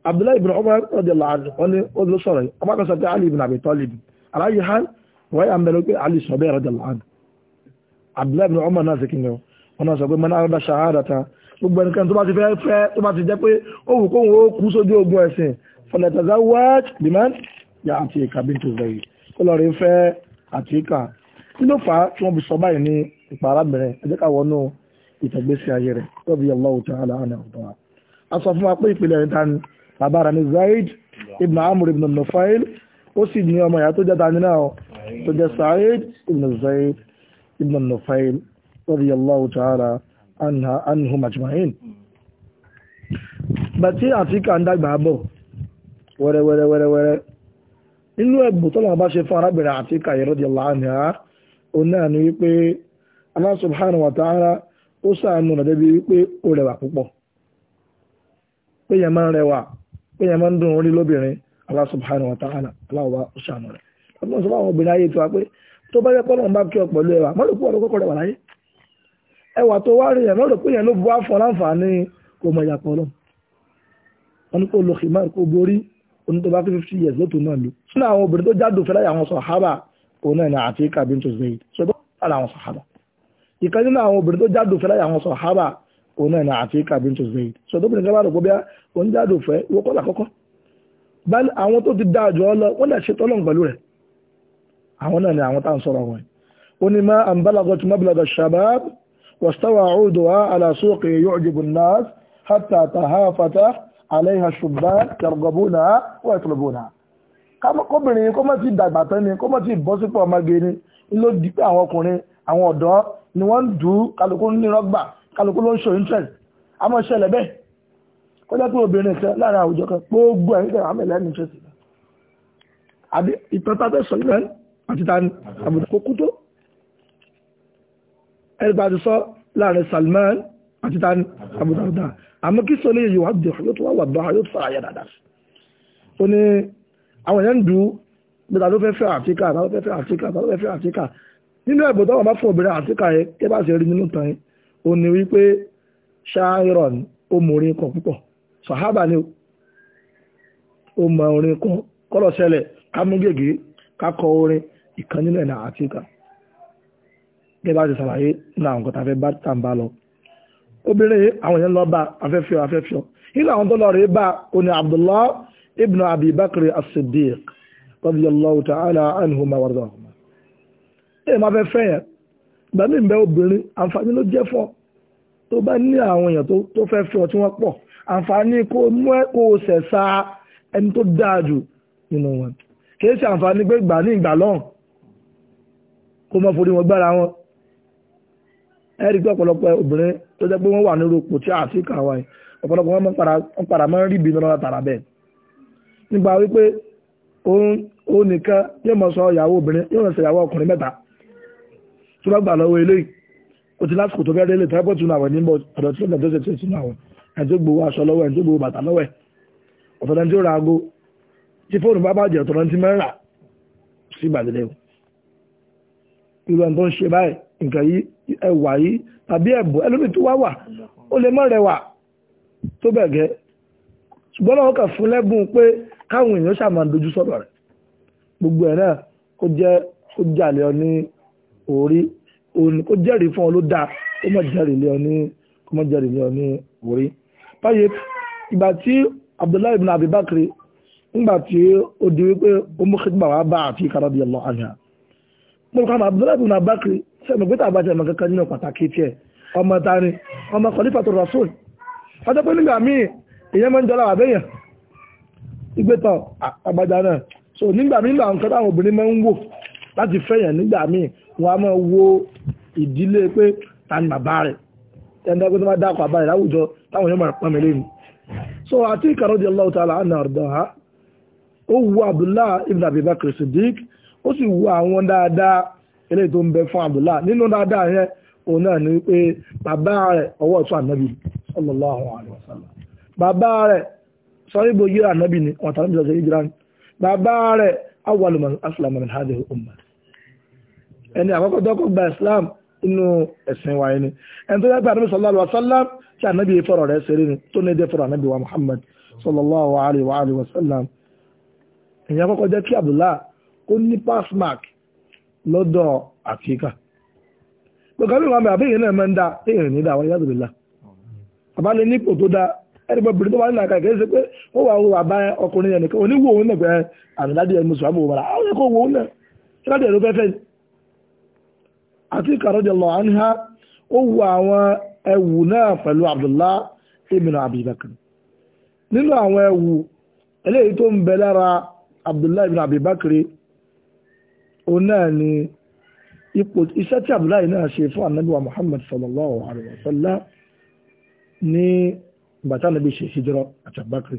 Abdullahi ibn Umar radiyallahu anhu wọn ni ó ló sọ̀rọ̀ yìí pé Ali ibn Abi Talib aláyé han wọ́n yà ń bẹ̀rẹ̀ pé Ali sọ bẹ́ẹ̀ radiyallahu anhu Abdullahi ibn Umar náà sì kí ni ó wọn náà sọ pé mọ́nà àrùdá ṣahádàta gbogbo ẹnìkan tó bá ti fẹ́ fẹ́ tó bá ti jẹ́ pé ó wù kóhùn ó kí ló fà á tí wọ́n fi sọ báyìí ní ipa arábìnrin ẹ jẹ́ ká wọnú ìtẹ̀gbésí ayé rẹ̀ tọ́bi Allahu ta'ala àná ọ̀dọ́ wa a sọ fún wa pé ìpìlẹ̀ rẹ̀ tani bàbá rẹ̀ ni Zaid ibn Amr ibn Nufail ó sì ní ọmọ ìyá tó jẹ́ tani náà tó jẹ́ Sa'id ibn Zaid ibn Nufail tọ́bi Allahu ta'ala anhu majma'in bàtí àfíkà ń dàgbà bọ̀ wẹ́rẹ́wẹ́rẹ́wẹ́rẹ́ inú ẹ̀bù tọ́lọ̀ ṣe fún arábìnrin àfíkà radiyallahu anha òun wípé Allah subhanahu wa ta'ala ó sàánú rẹ̀ débi wípé ó rẹwà púpọ̀ pé yẹn rẹwà pé ń dùn orí lóbìnrin Allah subhanahu wa ta'ala aláwọ̀ ó sàánú rẹ̀ ọdún sọ fún àwọn obìnrin ayé tiwa pé tó bá yẹ pọ́nlọ́n bá kí ọ pẹ̀lú ẹwà mọ́ ló kú ọ̀rọ̀ kọ́kọ́ rẹwà láyé ẹwà tó wá rí yẹn mọ́ ló pé yẹn ló bu àfọ̀ láǹfààní kò mọ̀ ìyàpọ̀ lọ wọn kò lọ kìmá kò borí oní bá fi fifty years lótò náà lò sínú àwọn obìnrin tó jádò fẹ́lẹ́ àwọn sọ̀hábà òun náà ni àfíkà bíntu zayd ṣùgbọ́n lára àwọn sàhábà ìkan nínú àwọn obìnrin tó jáde òfin láyà àwọn sàhábà òun náà ni àfíkà bíntu zayd ṣùgbọ́n obìnrin kan bá rò pé bí òun jáde òfin wọ́n kọ́ lákọ́kọ́ báyìí àwọn tó ti dáa jù ọ lọ wọ́n lè ṣe tọ́lọ̀ pẹ̀lú rẹ̀ àwọn náà ni àwọn kóbìnrin kó má ti dàgbà tán ni kó má ti bọ́ ọmọge ni ló di pé àwọn ọkùnrin àwọn ọ̀dọ́ ni wọ́n ń dù ú kálukú ní rọ́gbà kálukú ló ń show interest àmọ́ ṣẹlẹ̀ bẹ́ẹ̀ kó jẹ́ pé obìnrin kan láàrin àwùjọ kan gbogbo ẹ̀yìn kan àmì lẹ́nu interest àbí ìtọ́ta fẹ́ sọ ilẹ̀ àti tani àbùdá kókú tó ẹni bá ti sọ láàrin Salman àti tani àbùdá àmọ́ kí sọ lè yíwá dè yóò tó wà wà ní àwọn èèyàn ń dùn gbẹ̀dà ló fẹ́ fẹ́ àfíríkà ló fẹ́ fẹ́ àfíríkà ta ló fẹ́ fẹ́ àfíríkà nínú ẹ̀bùn tó wà fún obìnrin yẹn kí bá ṣe rí nínú yẹn ni ó mọ orin kan orin ìkan nínú ẹ̀nà bá ti ṣàlàyé àwọn nǹkan a fẹ́ bá tà ń bá lọ obìnrin àwọn èèyàn lọ bá afẹ́fẹ́ afẹ́fẹ́ nínú àwọn tó lọ rèé bá ibn abi bakr as-siddiq radiyallahu ta'ala anhuma wardahuma ẹ máa fẹ́ fẹ́ yẹn gbà mí bẹ obìnrin àǹfààní ló jẹ́ fún ọ tó bá ní àwọn èèyàn tó fẹ́ fẹ́ ọ tí wọ́n pọ̀ àǹfààní kó mú ẹ kó o sẹ̀ sa ẹni tó dáa jù nínú wọn kìí ṣe àǹfààní pé gbà ní ìgbà lọ́hùn kó mọ forí wọn gbára wọn ẹ rí pé ọ̀pọ̀lọpọ̀ obìnrin tó jẹ́ pé wọ́n wà ní rúpò tí àti kàwáì ọ̀pọ̀lọpọ̀ wọn padà máa ń rí ibi náà tààrà bẹ́ẹ̀ nípa wípé òun nìkan yóò mọ̀ sọ ìyàwó obìnrin yóò mọ̀ sọ ìyàwó ọkùnrin mẹ́ta tó bá gbà lọ́wọ́ eléyìí ó ti lásìkò tó fẹ́ẹ́ lè tẹ́pọ̀ tún àwẹ̀ níbo ọ̀dọ̀ tí ó lè tó ṣe tó sínú àwẹ̀ ẹni tó gbowó aṣọ lọ́wọ́ ẹni tó gbowó bàtà lọ́wọ́ ọ̀tọ̀ lẹni tí ó ra aago tí fóònù bá bàjẹ́ ọ̀tọ̀ lẹni tí mẹ́rin rà sí ìbàdílẹ̀ o irú ẹni tó ń ṣe báyìí nǹkan yìí ẹwà yìí tàbí ẹ̀bùn ẹlòmíì tó wá wà ó lè mọ́ rẹwà tó bẹ̀ gẹ́ ṣùgbọ́n náà ó kà fún lẹ́bùn pé káwọn èèyàn ṣàmà dojú sọ́dọ̀ rẹ̀ gbogbo ẹ̀ náà kó jẹ́ kó jàlé ọ ní orí òní kó jẹ́rìí fún ọ ló dáa kó mọ̀ jẹ́rìí lé ọ ní kó mọ̀ jẹ́rìí lé ọ ní orí. báyìí ìgbà tí Abdullahi ibn Abi ńgbà tí ó di wípé ó mú kíkpà wá bá àfi kára bí ọlọ́ àná. mo kọ́ àwọn Abdullahi ibn Abi sẹ́mi pé tàbá jẹ́ mọ̀kẹ́kẹ́ nínú pàtàkì tiẹ̀ ọmọ tani ọmọ kọlífà tó rasul. ọjọ́ pé ìgbẹ́tọ̀ àgbàjá náà so nígbà nígbà nǹkan táwọn obìnrin máa wò láti fẹ́yàn nígbà míì wọ́n máa wo ìdílé pé ta ni bàbá rẹ̀ ẹni tó máa dákọ̀ àbá láwùjọ táwọn pọ́nmi lẹ́nu so àti ìkàrọ̀dì Allahu ta'ala anna ha ó wu Abdullah ibn Abi Bakr ó sì wu àwọn dáadáa eléyìí tó ń bẹ fún Abdullah nínú dáadáa yẹn òun náà sọ́rí bo yíra ànábì ni ọ̀tà ànábì sọ̀rọ̀ ìjìrá ni bàbá rẹ̀ awàlùmọ̀ asùlámù ní hajj umma ẹni àkọ́kọ́ dọ́kọ̀ gba islam inú ẹ̀sìn wa ẹni ẹni tó dábàá ànábì sallallahu alaihi wasallam tí ànábì fọ̀rọ̀ rẹ̀ ṣeré ni tó ní dé ànábì wa muhammad sallallahu alaihi wa alihi wa sallam ìyẹn àkọ́kọ́ jẹ́ kí abdullah ó ní pass mark lọ́dọ̀ àfíkà gbọ̀ngàn mi wà mí ẹni pé obìnrin tó wà nínú àkàkẹ́ ẹ ṣe pé ó wà wọ àbá ọkùnrin ẹnìkan oníwò òun náà pé àmìládìí ẹni mùsùlùmí wò wàrà àwọn ẹ̀kọ́ wò òun náà ṣé láti ẹ̀rọ fẹ́fẹ́ ni. àti ìkàrọ̀jọ lọ àníhá ó wù àwọn ẹwù náà pẹ̀lú Abdullah ibn Abi nínú àwọn ẹwù eléyìí tó ń bẹ lára ibn Abi Abdullahi náà ṣe fún Muhammad sallallahu alaihi wa sallam gbàtà nàbí ṣe hijira àti Abubakar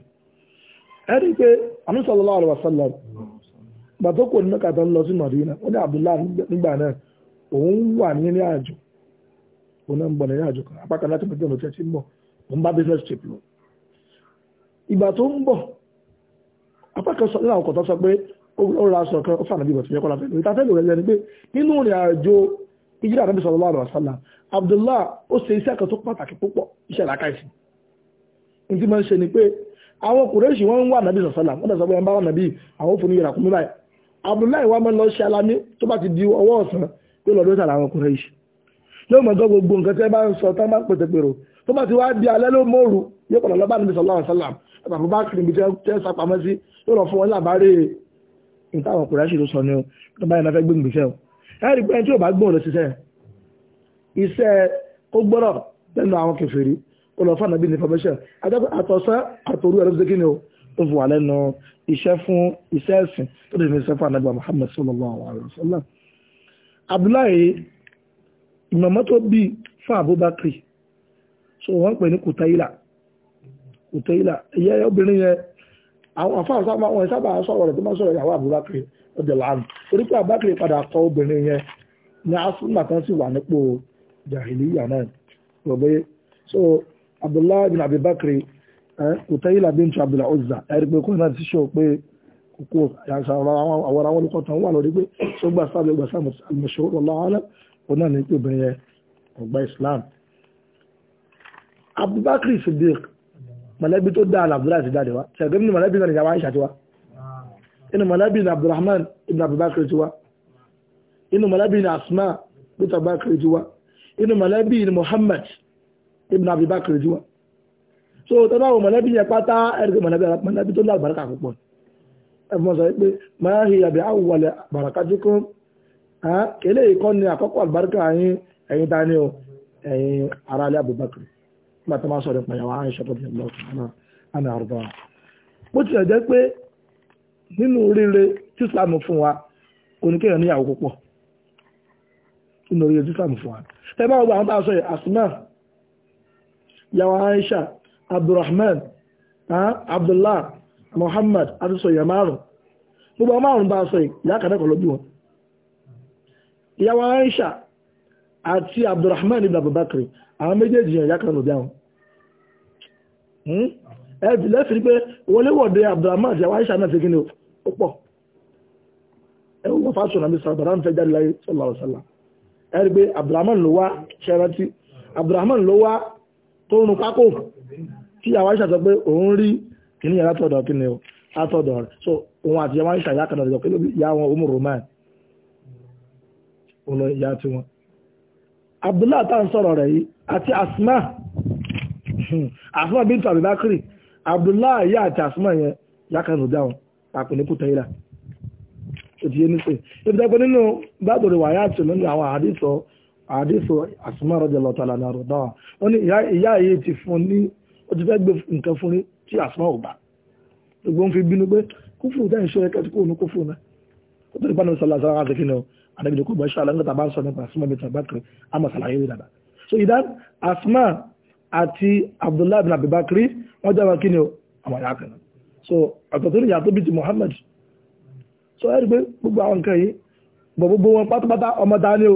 ẹ̀rí pé anúsọ̀lọ́lá àrùwà sọ́lọ́ kò ní mẹ́kàtà ń lọ sí ó ní Abdullahi nígbà náà òun wà ní ní àjò òun náà ń bọ̀ ní àjò kan apákan láti pẹ̀lú ọ̀nà tí ń bọ̀ òun bá business trip lọ ìgbà tó ń bọ̀ apákan sọ nínú sọ pé ó ra aṣọ kan ó yẹ ní tí máa ń ṣe ni pé àwọn kùrẹ́ṣì wọ́n ń wà nàbí sọ̀sọ́là wọ́n dàsọ́ pé wọ́n bá wà nàbí àwọn òfin ìyàrá kún mi báyìí abdullahi wa máa ń lọ ṣe alamí tó bá ti di ọwọ́ ọ̀sán pé lọ́dún tààrà àwọn kùrẹ́ṣì yóò mọ̀ gbọ́ gbogbo nǹkan tẹ́ bá ń sọ tán bá ń pètè pèrò tó bá ti wá di alẹ́ ló mòrù yóò pọ̀ lọ́ba nàbí sọ̀lá ọ̀sálà àtàkùn bá kiri ibi tẹ́ sapamọ́ sí yóò lọ fún wọn lábárè ìtàwọn kùrẹ́ṣì ló sọ ni ó tó bá yẹn náà o ẹ̀rí pé ẹni tí olùfà nàbí ní information àtọ̀sán àtòrú ẹ̀rọ ṣe kí ni o ó fún wa lẹ́nu iṣẹ́ fún iṣẹ́ ẹ̀sìn tó dẹ̀ fi iṣẹ́ fún anábì Muhammad sallallahu alaihi wa sallam Abdullahi ìmọ̀mọ́ tó bí fún Abubakar so wọ́n pè ní Kutaila Kutaila ìyá obìnrin yẹn àwọn afáàfáà àwọn ìsábà sọ̀rọ̀ rẹ̀ tó máa sọ̀rọ̀ ìyàwó Abubakar ọjọ́ láàrín torí pé Abubakar padà kọ obìnrin yẹn ní asúnà kan sì wà nípò jàhìlíyà náà rọ̀bẹ́ so abdullahi bin abibakri kùtẹ́yìlá bíntu abdul uzza ẹ̀rí pé kóńtà ti ṣe pé kókó àwọn àwọn olùkọ́ tán wà lórí pé tó gbà sábà gbà sábà àmọ̀ṣọ́ ọlọ́ọ̀lá òun náà ní pé obìnrin yẹn ọgbà islam abubakar siddiq mọ̀lẹ́bí tó dáa ní abdullahi ti dáa wa ṣẹ̀gbẹ́ nínú mọ̀lẹ́bí náà ní ìyàwó aisha ti wa inú mọ̀lẹ́bí ní abdulrahman ibn abubakar ti wa inú mọ̀lẹ́bí asma bint abubakar ti wa inú mọ̀lẹ́bí muhammad ibùdó abibakar jù wọn so tọ́lá àwọn mọ̀lẹ́bí yẹn pátá ẹ̀rí mọ̀lẹ́bí tó ní àlùbáríkà púpọ̀ ẹ̀fọ́n sọ pé máa hi àbí àwùwalẹ̀ àbàràkájú kún kéle ìkọ́ ni àkọ́kọ́ àlùbáríkà yín ẹ̀yin ta ni o ẹ̀yin ara alẹ́ Abubakar nígbà tó máa sọ̀rọ̀ nípa ìyàwó àyìn ṣọ́tọ̀ bí ọlọ́ọ̀ náà àmì àrùbá bó tilẹ̀ jẹ́ pé nínú oríire tí Islam fún wa oníkéèyàn níyàwó púpọ̀ bá wọn gba àwọn bá a sọ yìí àsùnmọ́ yàwó aisha abdulrahman abdullah muhammad adúsọ ìyá márùn gbogbo márùn bá sọ ìyá kàdákọ̀ ló bí wọn yàwó aisha àti abdulrahman ibn abubakar àwọn méjèèjì yàn ìyá kàdákọ̀ ló bí àwọn hmm? ẹ̀bì lẹ́fìrí pé wọléwọ̀dé abdulrahman àti yàwó aisha náà ti gíní ó pọ̀ ẹ̀wọ̀n fásitì nàbí sàbàrà ń fẹ́ jáde láyé sallallahu alaihi wasallam ẹ̀rí pé abdulrahman ló wá ṣẹ́rántí abdulrahman ló wá tó ń pákó tí àwọn àìsàn sọ pé òun rí kìíní yàrá tọ̀dọ̀ kí ni o látọ̀dọ̀ rẹ̀ so òun àti àwọn àìsàn ìyá kanáà lọ́kẹ́ lóbi ìyá wọn òun roman òun lọ ìyá tí wọn. Abdullahi tá ń sọ̀rọ̀ rẹ̀ yìí àti Asma Asma bíntu Abibakiri Abdullahi ìyá àti Asma yẹn ìyá kan ló dáhùn pàpẹ́ ní kùtẹ́yìlá òtí yé ní sè é. ìbùdókòó nínú bá àdéfò àsùnmọ́ ọ̀rọ̀jẹ̀ lọ́tàlá náà rọ̀dá wa ó ní ìyá yìí ti fún ní ó ti fẹ́ gbé nǹkan fún ní tí àsùnmọ́ ò bá gbogbo ń fi bínú pé kúfùrù tẹ́ ìṣọ́ ẹ̀kẹ́ tí kò ní kúfùrù náà ó tó nípa so ìdá àsùnmọ́ àti abdullahi bin abibakiri wọ́n jẹ́ wọn so ọ̀tọ̀ tó ní muhammad so ẹ̀rí pé gbogbo àwọn nǹkan yìí gbogbo wọn ọmọ dání o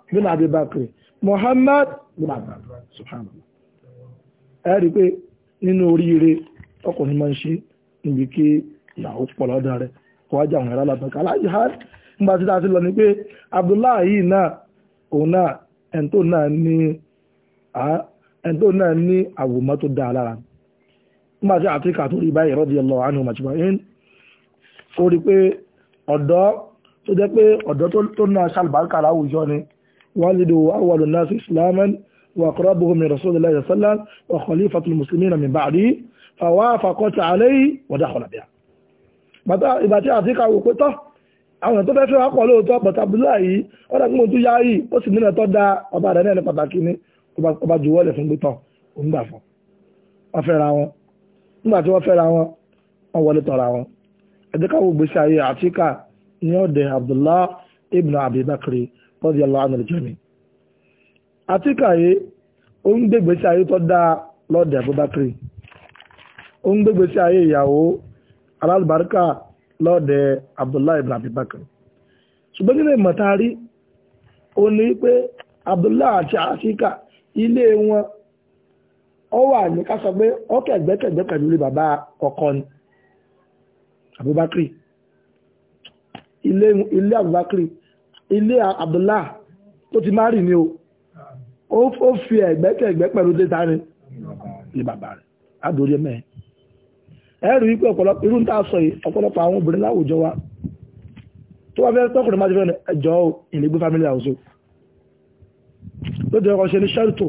bin Abi Bakr Muhammad bin Abba subhanallah ẹ rí i pé nínú oríire ọkùnrin máa ń ṣe níbi kí ìyàwó pọ̀ lọ́dọ̀ rẹ̀ kó wájà àwọn ẹ̀rọ alábàákà alájihad nígbà tí dáa sí lọ ni pé Abdullahi yìí náà òun náà ẹ̀ńtò náà náà ní àwòmọ́ tó dáa lára nígbà tí Áfíríkà tó rí báyìí radiyallahu anhu majma'in ó rí pé ọ̀dọ́ tó jẹ́ pé ọ̀dọ́ tó náà ṣàlùbáríkà láwùjọ ni والده أول الناس إسلاما وأقربهم من رسول الله صلى الله عليه وسلم وخليفة المسلمين من بعده فوافقت عليه ودخل بها ìgbà إذا àtíkà wò pé tọ́ àwọn èèyàn tó fẹ́ fẹ́ wá pọ̀ lóòótọ́ bọ̀tà búlá yìí wọ́n dà gbọ́n tó yá yìí ó sì nínú ẹ̀tọ́ da ọba rẹ̀ náà ní pàtàkì ní ọba juwọ́lẹ̀ fún gbẹ́tọ̀ òǹgbà fún wọ́n wọn nígbà tí wọ́n fẹ́ra wọn wọ́n wọlé tọ̀ra wọn àtíkà gbèsè ayé àtíkà ní ọ̀dẹ̀ Abdullah ibn Abi radiyallahu anil jami àtíkà yìí ó ń gbégbé sí ayé tó dáa lọ́dẹ̀ Abubakar ó ń gbégbé sí ayé ìyàwó alábàárìkà lọ́dẹ̀ Abdullahi ibn Abubakar ṣùgbọ́n nílẹ̀ mọ̀tàrí ó ní pé Abdullahi àti àtíkà ilé wọn ó wà ní ká sọ pé ó kẹ̀gbẹ́kẹ̀gbẹ́ pẹ̀lú ilé bàbá ọkọ ni Abubakar ilé Abubakar ilé Abdullah tó ti má rì ní o ó fi ẹ̀gbẹ́kẹ̀gbẹ́ pẹ̀lú dé sáré ní bàbá rẹ̀ adórí ẹ̀mẹ́ ẹ̀rù wípé ọ̀pọ̀lọpọ̀ irú ń tà sọ yìí ọ̀pọ̀lọpọ̀ àwọn obìnrin láwùjọ wa tó wá fẹ́ tọkùnrin máa ti fẹ́ ẹjọ́ ìlẹ́gbẹ́ family house lóde ọkọ̀ ṣe ní ṣẹ́rìtò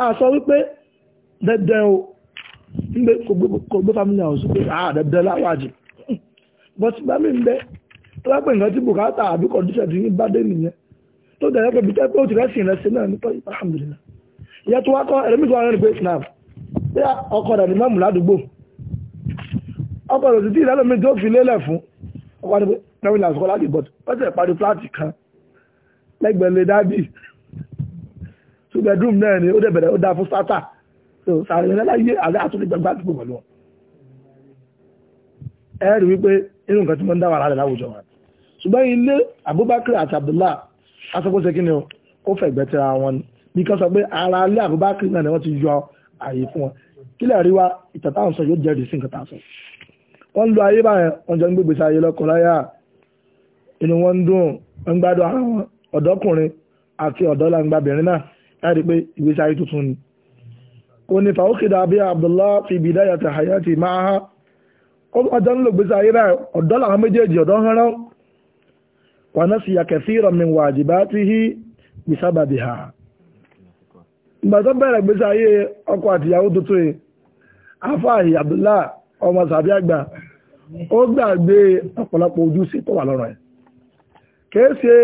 a sọ wípé dẹ́dẹ́ o ń gbé kò family house pé àà ah, dẹ́dẹ́ láwàjì but bá mi ń bẹ́ tó bá pè nǹkan tí bùkátà àbí kọ̀díṣẹ̀ tí yín bá dé nìyẹn tó dẹ̀ yẹ́kẹ́ bí tẹ́pẹ́ ó ti rẹ́sìn rẹ̀ sí náà nípa alhamdulillah ìyẹn tó wá kọ́ ẹ̀rẹ́mí tó wá rẹ́ni pé snap bí ah, ọkọ̀ rẹ̀ ní mọ́mù ládùúgbò ọkọ̀ rẹ̀ títí ìrẹ́lómi tó fi lélẹ̀ fún ọkọ̀ rẹ̀ náà ìlànà sọ́kọ́ láti bọ̀t pẹ́sẹ̀ parí pláàtì kan lẹ́gbẹ̀ẹ́ lé dábì tó bedroom náà ni ó dẹ̀ bẹ̀rẹ̀ ó dá fún sátà tó sàrẹ̀lẹ́ láyé ṣùgbọ́n ilé Abubakar àti Abdullah asọ́pọ̀ṣẹ́ kí ni ó fẹ̀gbẹ́ tẹ́ra wọn ni bí kan sọ pé ara ilé Abubakar náà ni wọ́n ti yọ ààyè fún wọn kí lè rí wa ìtàn táwọn sọ yóò jẹ́rìí sí nǹkan tá a sọ wọ́n lo ayé báyẹn wọ́n jọ ń gbé gbèsè ayé lọ́kọ̀ láyà inú wọn ń dùn wọ́n gbádùn ara wọn ọ̀dọ́kùnrin àti ọ̀dọ́ náà láti pé ìgbésí ayé tuntun ni ó ní fàókèdà bí Abdullah fi bidayati hayati máa ha ọjọ́ ń lò gbèsè ayé báyẹn ọ̀dọ́ méjèèjì ọ̀dọ́ hánrán ونسي كثيرا من واجباته بسببها gbàtọ́ bẹ̀rẹ̀ gbèsè ayé ọkọ àtìyàwó tuntun yìí afáàyè Abdullah ọmọ sàbí àgbà ó gbàgbé ọ̀pọ̀lọpọ̀ ojúṣe tó wà lọ́rọ̀ ẹ̀ kìí ṣe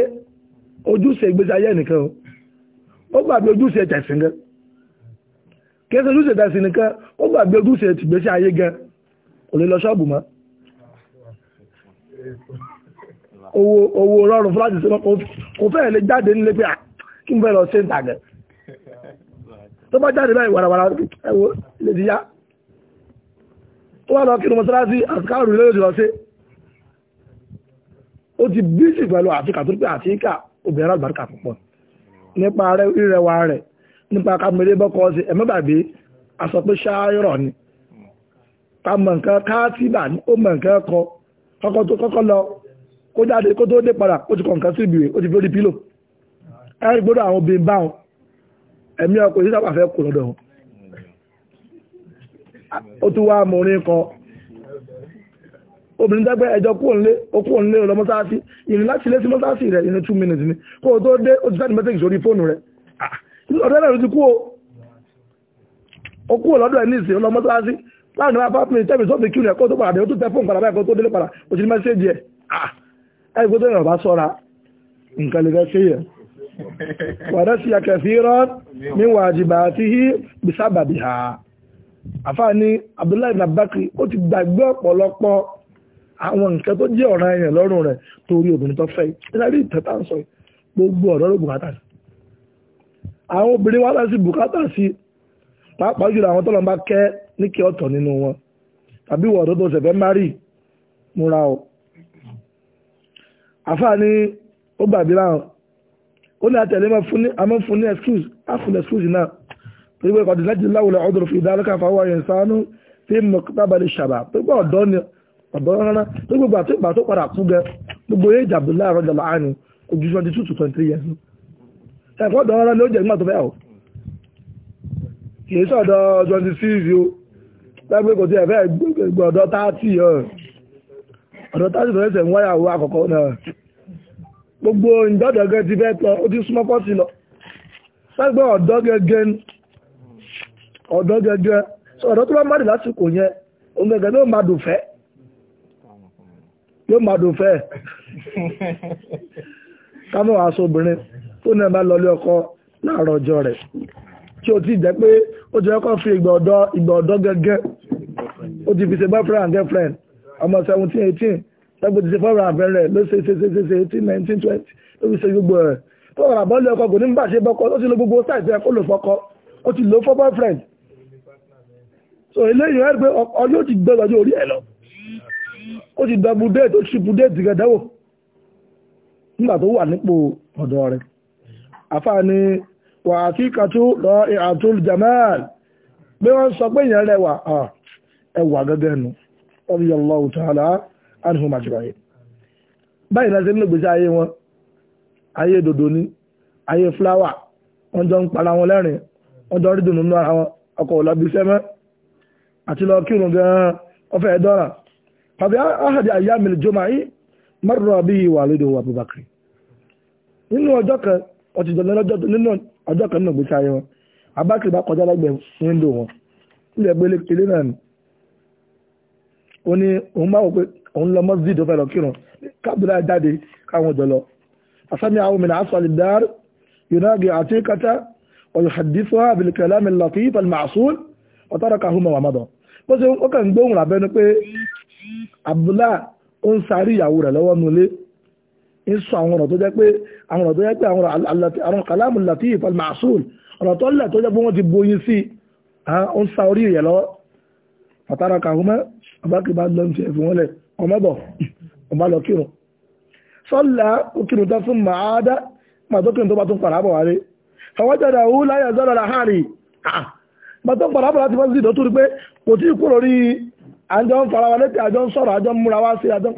ojúṣe gbèsè ayé nìkan ó gbàgbé ojúṣe tẹ̀sìn gan kìí ṣe ojúṣe tẹ̀sìn nìkan ó gbàgbé ojúṣe tìgbésí ayé gan kò lè lọ ṣọ́ọ̀bù mọ́ owó owó rọrùn fún láti sọ́nà kò fẹ́ lè jáde nílé pé ah, kí n fẹ́ lọ sí ìtàgẹ̀ tó bá jáde báyìí wàràwàrà ẹwọ lè ti yá tó wà lọ kí ni mọ́sálásí àsìkáàrù lóyè ti lọ sí ó ti bíìsì pẹ̀lú àfíkà tó pé àfíkà obìnrin àgbàríkà púpọ̀ nípa rírẹwà rẹ̀ nípa kàmìlẹ́ bọ́kọ sí ẹ̀mẹ́bàbí aṣọ pé ṣááyọ̀rọ̀ ni ká mọ̀ nǹkan káàtìbà ní ó mọ̀ nǹkan kọ kọ́kọ́ tó kọ́kọ́ lọ kó jáde kó tó dé padà ó ti kọ nǹkan sí ìbìwé ó ti fi ó di pílò ẹ̀rí gbọ́dọ̀ àwọn obìnrin bá wọn ẹ̀mí ọkọ̀ yìí sábà fẹ́ kó lọ́dọ̀ wọn ó tún wá mọ̀rin kan obìnrin tẹ́gbẹ́ ẹjọ́ kúrò nílé ó kúrò nílé lọ mọ́sáàsì ìrìn láti ilé sí mọ́sáàsì rẹ̀ ìrìn two minutes ni kó o tó dé ó ti sẹ́ni mẹ́sẹ̀gì sórí fóònù rẹ̀ ah, ọ̀dọ́ náà ti kú o ó kúrò lọ́dọ̀ ẹ̀ ní ìsìn lọ mọ́sáàsì láàrin wá fáfin tẹ́bi sọ́ọ̀fì kí ó tó padà dé ó tún tẹ́ fóònù padà báyìí kó tó délé padà ó ti ní mẹ́sẹ̀gì ẹ̀ ah, ẹgbẹ́ tó yàn bá sọ́ra nǹkan lè fẹ́ sí yẹn wàdá sí akẹ́fìrọ́ ní wàjìbà àti hí bisábàbí ha àfáà ní Abdullahi nabakri ó ti gbàgbé ọ̀pọ̀lọpọ̀ àwọn nǹkan tó jẹ́ ọ̀ràn ẹ̀yàn lọ́rùn rẹ̀ torí obìnrin tó fẹ́ ìtàrí ìtẹ́ta ń sọ gbogbo ọ̀rọ̀ ló bùkátà sí àwọn obìnrin wá láti bùkátà sí pàápàá jùlọ àwọn tọ́lọ́ kẹ́ ní kí ọ̀tọ̀ nínú wọn tàbí wọ̀ọ́dọ́ tó ṣẹ̀fẹ́ mari múra o àfáà ní ó gbàgbé láwọn ó ní àtẹ̀lé àmọ́ fún ní excuse áfún excuse náà torí pé kọ̀dí láti láwùlẹ̀ ọdún fi ìdálẹ́kà fáwọn àyẹ̀ sánú tí mo tábà lè ṣàbà tó gbọ́ ọ̀dọ́ ni ọ̀dọ́ rárá tó gbogbo àti ìgbà tó padà kú gẹ gbogbo eré ìjàmbá láàárọ̀ jọba àánú ojú twenty two to twenty three years ẹ̀kọ́ ọ̀dọ́ rárá ni ó jẹ́ nígbà tó fẹ́ ọ̀ kì í sọ̀dọ̀ twenty six o lágbègbè tí ẹ̀fẹ́ gbọ́dọ̀ thirty ọ̀ ọ̀dọ̀ tásìkò ẹsẹ̀ ń wáyà wá àkọ́kọ́ náà gbogbo ìjọ́dọ̀ gẹ́ ti fẹ́ tán ó ti súnmọ́ pọ́sì lọ sẹ́gbẹ́ ọ̀dọ́ gẹ́gẹ́ ọ̀dọ́ gẹ́gẹ́ ọ̀dọ́ tó bá má dì lásìkò yẹn òun gẹ́gẹ́ ló máa dùn fẹ́ ló máa dùn fẹ́ kámọ́ aṣọ obìnrin tó náà bá lọlé ọkọ láàárọ̀ ọjọ́ rẹ̀ tí ó ti jẹ́ pé ó jẹ́ kó fi ìgbà ọ̀dọ́ ìgbà ọ̀dọ́ gẹ́gẹ́ ó ti fi ṣe boyfriend and girlfriend ọmọ seventeen eighteen lọ́gbọ̀n ti ṣe fọ́ọ̀rọ̀ àbẹ̀rẹ̀ ló ṣe ṣe ṣe ṣe eighteen nineteen twenty ló fi ṣe gbogbo ẹ̀ tó ọ̀rọ̀ àbọ̀lẹ̀ ọkọ kò ní bá ṣe bọ́kọ ó ti lo gbogbo sáì tó yẹ kó lò fọ́kọ ó ti lò fọ́ boyfriend so eléyìí ẹ pé ọjọ́ ti gbé lọ́jọ́ orí ẹ̀ lọ ó ti dọ̀bù déètì ó ti ṣubú déètì gẹ̀dẹ́wò nígbà tó wà nípò ọ̀dọ́ rẹ̀ àfáà ni wàhàkíkàtú lọ ìhàtú jamal bí wọ́n sọ pé ìyẹn rẹwà ẹwà gẹ́gẹ́ nu radiyallahu ta'ala anhum ajma'in báyìí náà ṣe nínú gbèsè ayé wọn ayé dòdò ní ayé fúláwà wọn jọ ń para wọn lẹ́rìn wọn jọ ń rí dùnú nínú ara wọn ọkọ̀ ò lọ́bí sẹ́mẹ́ àti lọ gan-an ọfẹ́ ẹ̀dọ́rà ahadi ayyamil juma'i marra bihi waliduhu Abubakar nínú ọjọ́ kan ọtí jọ nínú ọjọ́ kan nínú gbèsè ayé wọn Abubakar bá kọjá lẹ́gbẹ̀ẹ́ wíńdò wọn ilẹ̀ gbélé náà ni ó ní òun máa wò pé òun lọ mọ́sí ìdó fẹ́lọ kírun kábùdá jáde káwọn jọ lọ asami àwọn mìíràn asọ̀lì dáàr yunagi àti kata ọ̀yọ̀hàdìsọ abilikalami latif almasul ọ̀tọ́rọ̀ kahuma wà mọ́dọ̀ bó ṣe ó kàn gbóhùn lábẹ́ ni pé abdullah ó ń sáré ìyàwó rẹ̀ lọ́wọ́ nulé ń sọ àwọn ọ̀rọ̀ tó jẹ́ pé àwọn ọ̀rọ̀ tó jẹ́ pé àwọn kalamu latif almasul ọ̀rọ̀ tó lẹ̀ tó jẹ́ pé wọ́n ti boyin sí ó abákìbá lọ ń ṣe ẹ̀fún wọn lẹ̀ ọmọ bọ̀ ọmọ lọ kírun sọ́lá òkìrùn tán fún màádá màá tó kírun tó bá tún padà bọ̀ wálé ọwọ́jọ́dà òun láyà zọ́rọ̀ láhàrí màá tó padà bọ̀ láti fọ́n sí ìdótú rí pé kò tí kúrò rí àjọ ń fara wa létí àjọ ń sọ̀rọ̀ àjọ ń múra wá sí àjọ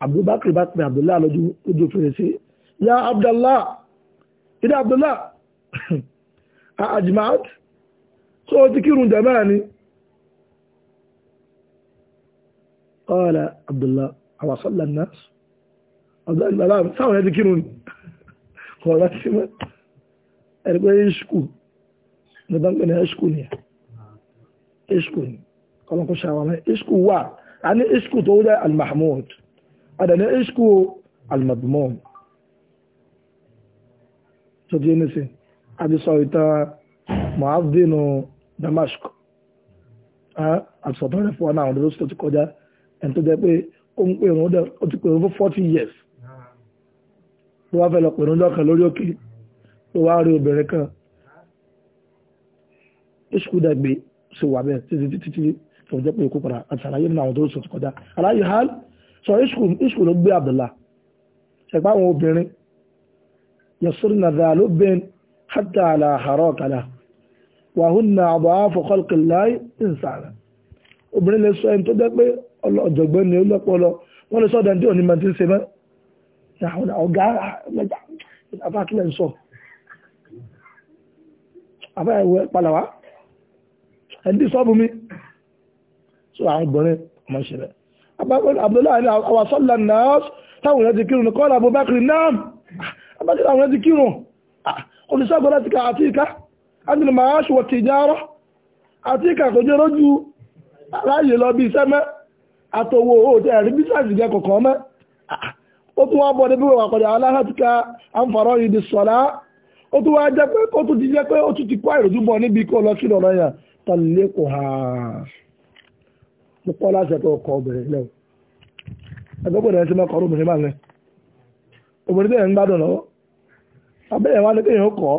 ah, bá pe abdullahi ah, ajmaat صوت دماني قال عبد الله أما صلى الناس عبد الله لا صوى يذكرون قال سمع أرجو يشكو نبغى نشكوني يشكوني قال ما شاء الله يشكو وا يعني أنا يشكو تودا المحمود أنا يشكو المضمون تجينسي أبي صويتا معظم Damask àtúnṣàtọ́ rẹ̀ fún wa náà àwọn olóṣèlú ti kọjá ẹni tó jẹ́ pé ó ń pè wọ́n ó ti pè wọ́n fún forty years ló wá fẹ́ lọ pè wọ́n lọ́kàn lórí òkè ló wá rí obìnrin kan ìṣùkúdà gbé ṣe wà bẹ́ẹ̀ títí títí tó jẹ́ pé ikú padà àti àlàyé nínú àwọn olóṣèlú ti kọjá àlàyé hàn sọ ìṣùkú ló gbé Abdullah ṣẹ̀pá àwọn obìnrin yasur nadal obìnrin hàtà àlà àhàrọ̀ kàlà wàhùnà àbáwáfọ̀ kọ́lùkìláì ìsàrà obìnrin lè sọ ẹni tó jẹ́ pé ọ̀jọ̀gbọ́n ni ó lọ́pọ̀lọ́ wọ́n lè sọ́dọ̀ tí ò ní ma ti ń ṣe mẹ́ ọ̀gá mẹ́ta àfáàkílẹ̀ ń sọ àfáàwẹ̀ palàwá ẹni tí sọ́bù mi so àwọn obìnrin ọmọ ìṣẹ̀lẹ̀ Abdullahi ni àwọn sọ́lá náà táwọn èèyàn ti kírun kọ́lá Abubakar náà ah, abájọ́ àwọn èèyàn ti kírun ah, olùsọ́gbọ́n láti ká àti ìká adìlì máa ṣùwọ̀ tìjárọ́ àti kàkójọ́rọ́jú aláyè lọ bí iṣẹ́ mẹ́ àtòwò òtẹ́ ẹ̀rí bísàsì jẹ́ kọ̀kọ́ mẹ́ ah, ó tún wá bọ́ débi ìdí sọ̀lá ó tún wá jẹ́ pé ó tún ti jẹ́ pé ó tún ti níbi kó lọ sí ọ̀rọ̀ yẹn tàlẹ́ kò hà láṣẹ pé ọkọ̀ obìnrin lẹ́wọ̀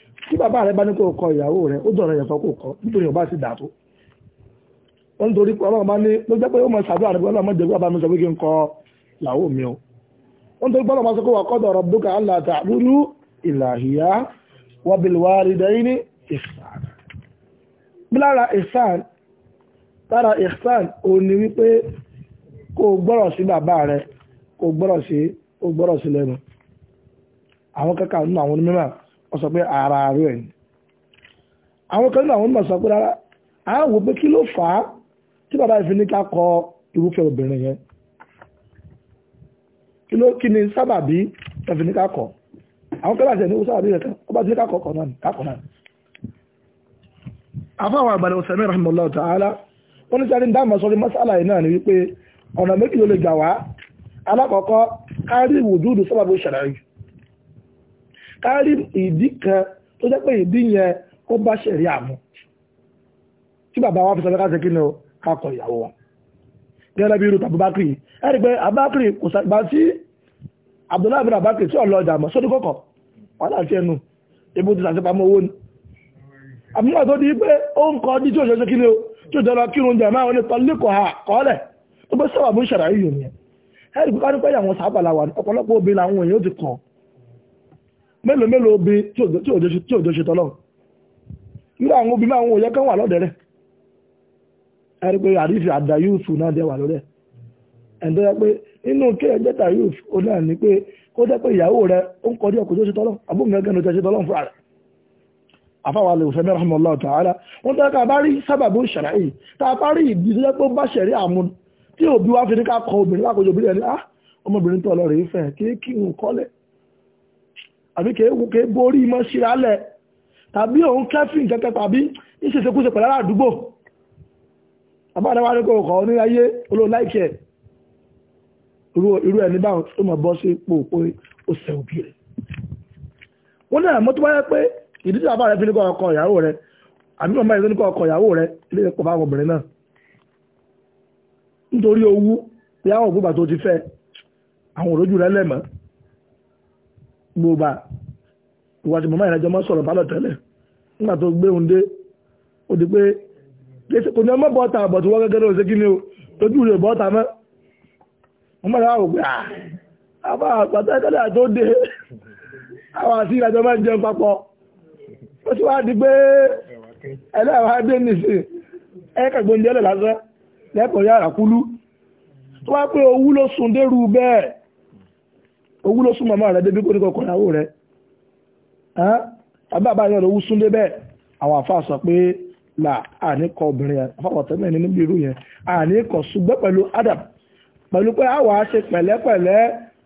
tí bàbá rẹ bá ní kó kọ ìyàwó rẹ ó dọ̀rọ̀ yẹ̀fọ́ kó kọ nítorí ọba sì dàtó ó ń torí ọlọ́run bá ní ló jẹ́ pé ó mọ sàdúrà rẹ pé ọlọ́run mọ̀jẹ̀ bá mi sọ pé kí n kọ ìyàwó mi o ó ń torí pé ọlọ́run bá sọ pé wà kọ́ dọ̀rọ̀ bùkà Allah ta'budu illa hiya wa bil walidayni ihsan lára ihsan lára ihsan ò ní wípé kó gbọ́rọ̀ sí bàbá rẹ kó gbọ́rọ̀ gbọ́rọ̀ sí lẹ́nu àwọn kẹ́kẹ́ àwọn onímọ̀ wọ́n sọ pé ara rẹ̀ ni àwọn kan nínú àwọn onímọ̀ sọ pé rárá a wò pé kí ló fà á tí bàbá ìfin ní ká kọ irúfẹ́ obìnrin yẹn kí ló kí ni sábàbí ìfin ní ká kọ àwọn kan láti ẹ̀ ní ó sábàbí rẹ̀ ó bá ti ní ká kọ kọ náà kákọ náà afáwọn àgbàdo sẹ́mi rahimahullah ta'ala wọ́n ní sáré ń dáàmú sọ́rí mọ́sálà yìí náà ni wípé ọ̀nà méjì ló lè gbà wá alákọ̀ọ́kọ́ kárí wùdúùdù sábàbí ṣàlàyé kárí ìdí kan tó jẹ́ pé ìdí yẹn ó bá ṣẹ̀rí àmú tí bàbá wa fi sọ pé ká ṣe kí ni ó ká kọ ìyàwó wa gẹ́gẹ́ bí irú tàbí bákìrì ẹ̀rí pé abákìrì kò sàgbà sí Abdullahi bin abákìrì tí ọ̀lọ́ ọjà mọ̀ sódì kọ̀kọ̀ wà láti ẹnu ibo ti sàṣepamọ́ owó ni ẹ̀rí pé àwọn sábà ọ̀pọ̀lọpọ̀ obìnrin àwọn èèyàn ti kàn mélòó mélòó bí tí òjò ṣe tọ́lọ́ nígbà àwọn obìnrin àwọn òye kan wà lọ́dẹ̀ rẹ̀ ẹ̀rí pé àdìsí àdá yúùsù náà dẹ̀ wà lọ́dẹ̀ ẹ̀ńtọ́ yẹ pé inú kí ẹ jẹ́ta yúùsù ó náà ní pé kó jẹ́ pé ìyàwó rẹ̀ ó ń kọjú ọkọ̀ tó ṣe tọ́lọ́ àbúgbẹ̀ngàn ló ṣe tọ́lọ́ ta'ala wọ́n tẹ́ ká bá rí sábàbí ṣàráyì tá a bá rí ìdí tó jẹ́ pé ó bá ṣẹ̀rí àmú tí òbí wá fi ní ká kọ obìnrin lákòjò obìnrin àbí kéèké borí mọ́ ṣíralẹ̀ tàbí òun kẹ́fìn kẹ́kẹ́ tàbí ìṣẹ̀ṣẹ̀kúṣe pẹ̀lú àdúgbò àbádáwà ní kò kọ́ ní ayé olóòláìkẹ́ irú ẹni báwọn tó mọ̀ bọ́ sí ipò pé ó sẹ òbí rẹ̀ wọ́n náà mọ́ tó wáyé pé ìdí tí bàbá rẹ̀ fi ní kọ́ ọkọ ìyàwó rẹ̀ àbí màmá rẹ̀ tó ní kọ́ àwọn òrójú rẹ̀ lẹ́mọ̀ọ́ gbogbo ìwàtí mọ̀mọ́ ìrìnàjò mọ́ sọ̀rọ̀ bá sọrọ nígbà tó gbé òun dé ó di pé kò ní ọmọ bọ́ta àbọ̀ wọ́n gẹ́gẹ́ ló kí ni o lójú rẹ̀ bọ́ta mọ́ mọ́mọ́ ìrìnàjò ah, àwọn òpin àbá di ló dérú bẹ́ẹ̀ owú ló sún màmá rẹ̀ débi kó ní kọkọ ìyàwó rẹ̀ tàbí àbá yẹn lówú sún débẹ̀ àwọn àfáà sọ pé là àníkọ obìnrin níbi irú yẹn àníkọ ṣùgbọ́n pẹ̀lú adam pẹ̀lú pé àwa ṣe pẹ̀lẹ́pẹ̀lẹ́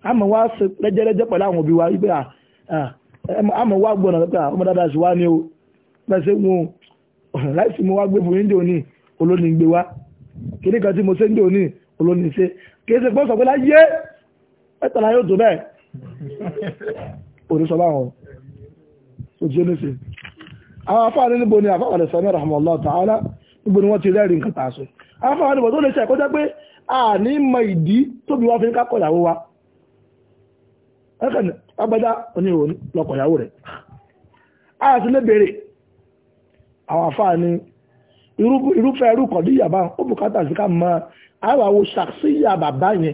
àmọ́ wá ṣe lẹ́jẹ́lẹ́jẹ́ pẹ̀lú àwọn òbí wa àmọ́ wá gbọ́nà pé sì wá ní o pẹ̀sẹ̀ wọn láìsí mo wá gbé fún yín dòní kí ni kan tí mo ṣe ń mẹ́tàlá yóò dùn bẹ́ẹ̀ orísọ báwọn tó jẹ́ níṣe àwọn afáàní níbo ni àfáàlẹ̀ sami rahmanullah ta'ala níbo ni wọ́n ti rẹ́rìn nǹkan tààsọ afáàní bọ̀ tó lè ṣe ẹ̀kọ́ jẹ́ pé a ní mọ ìdí tóbi wá fi ń kákọ̀ ìyàwó wa a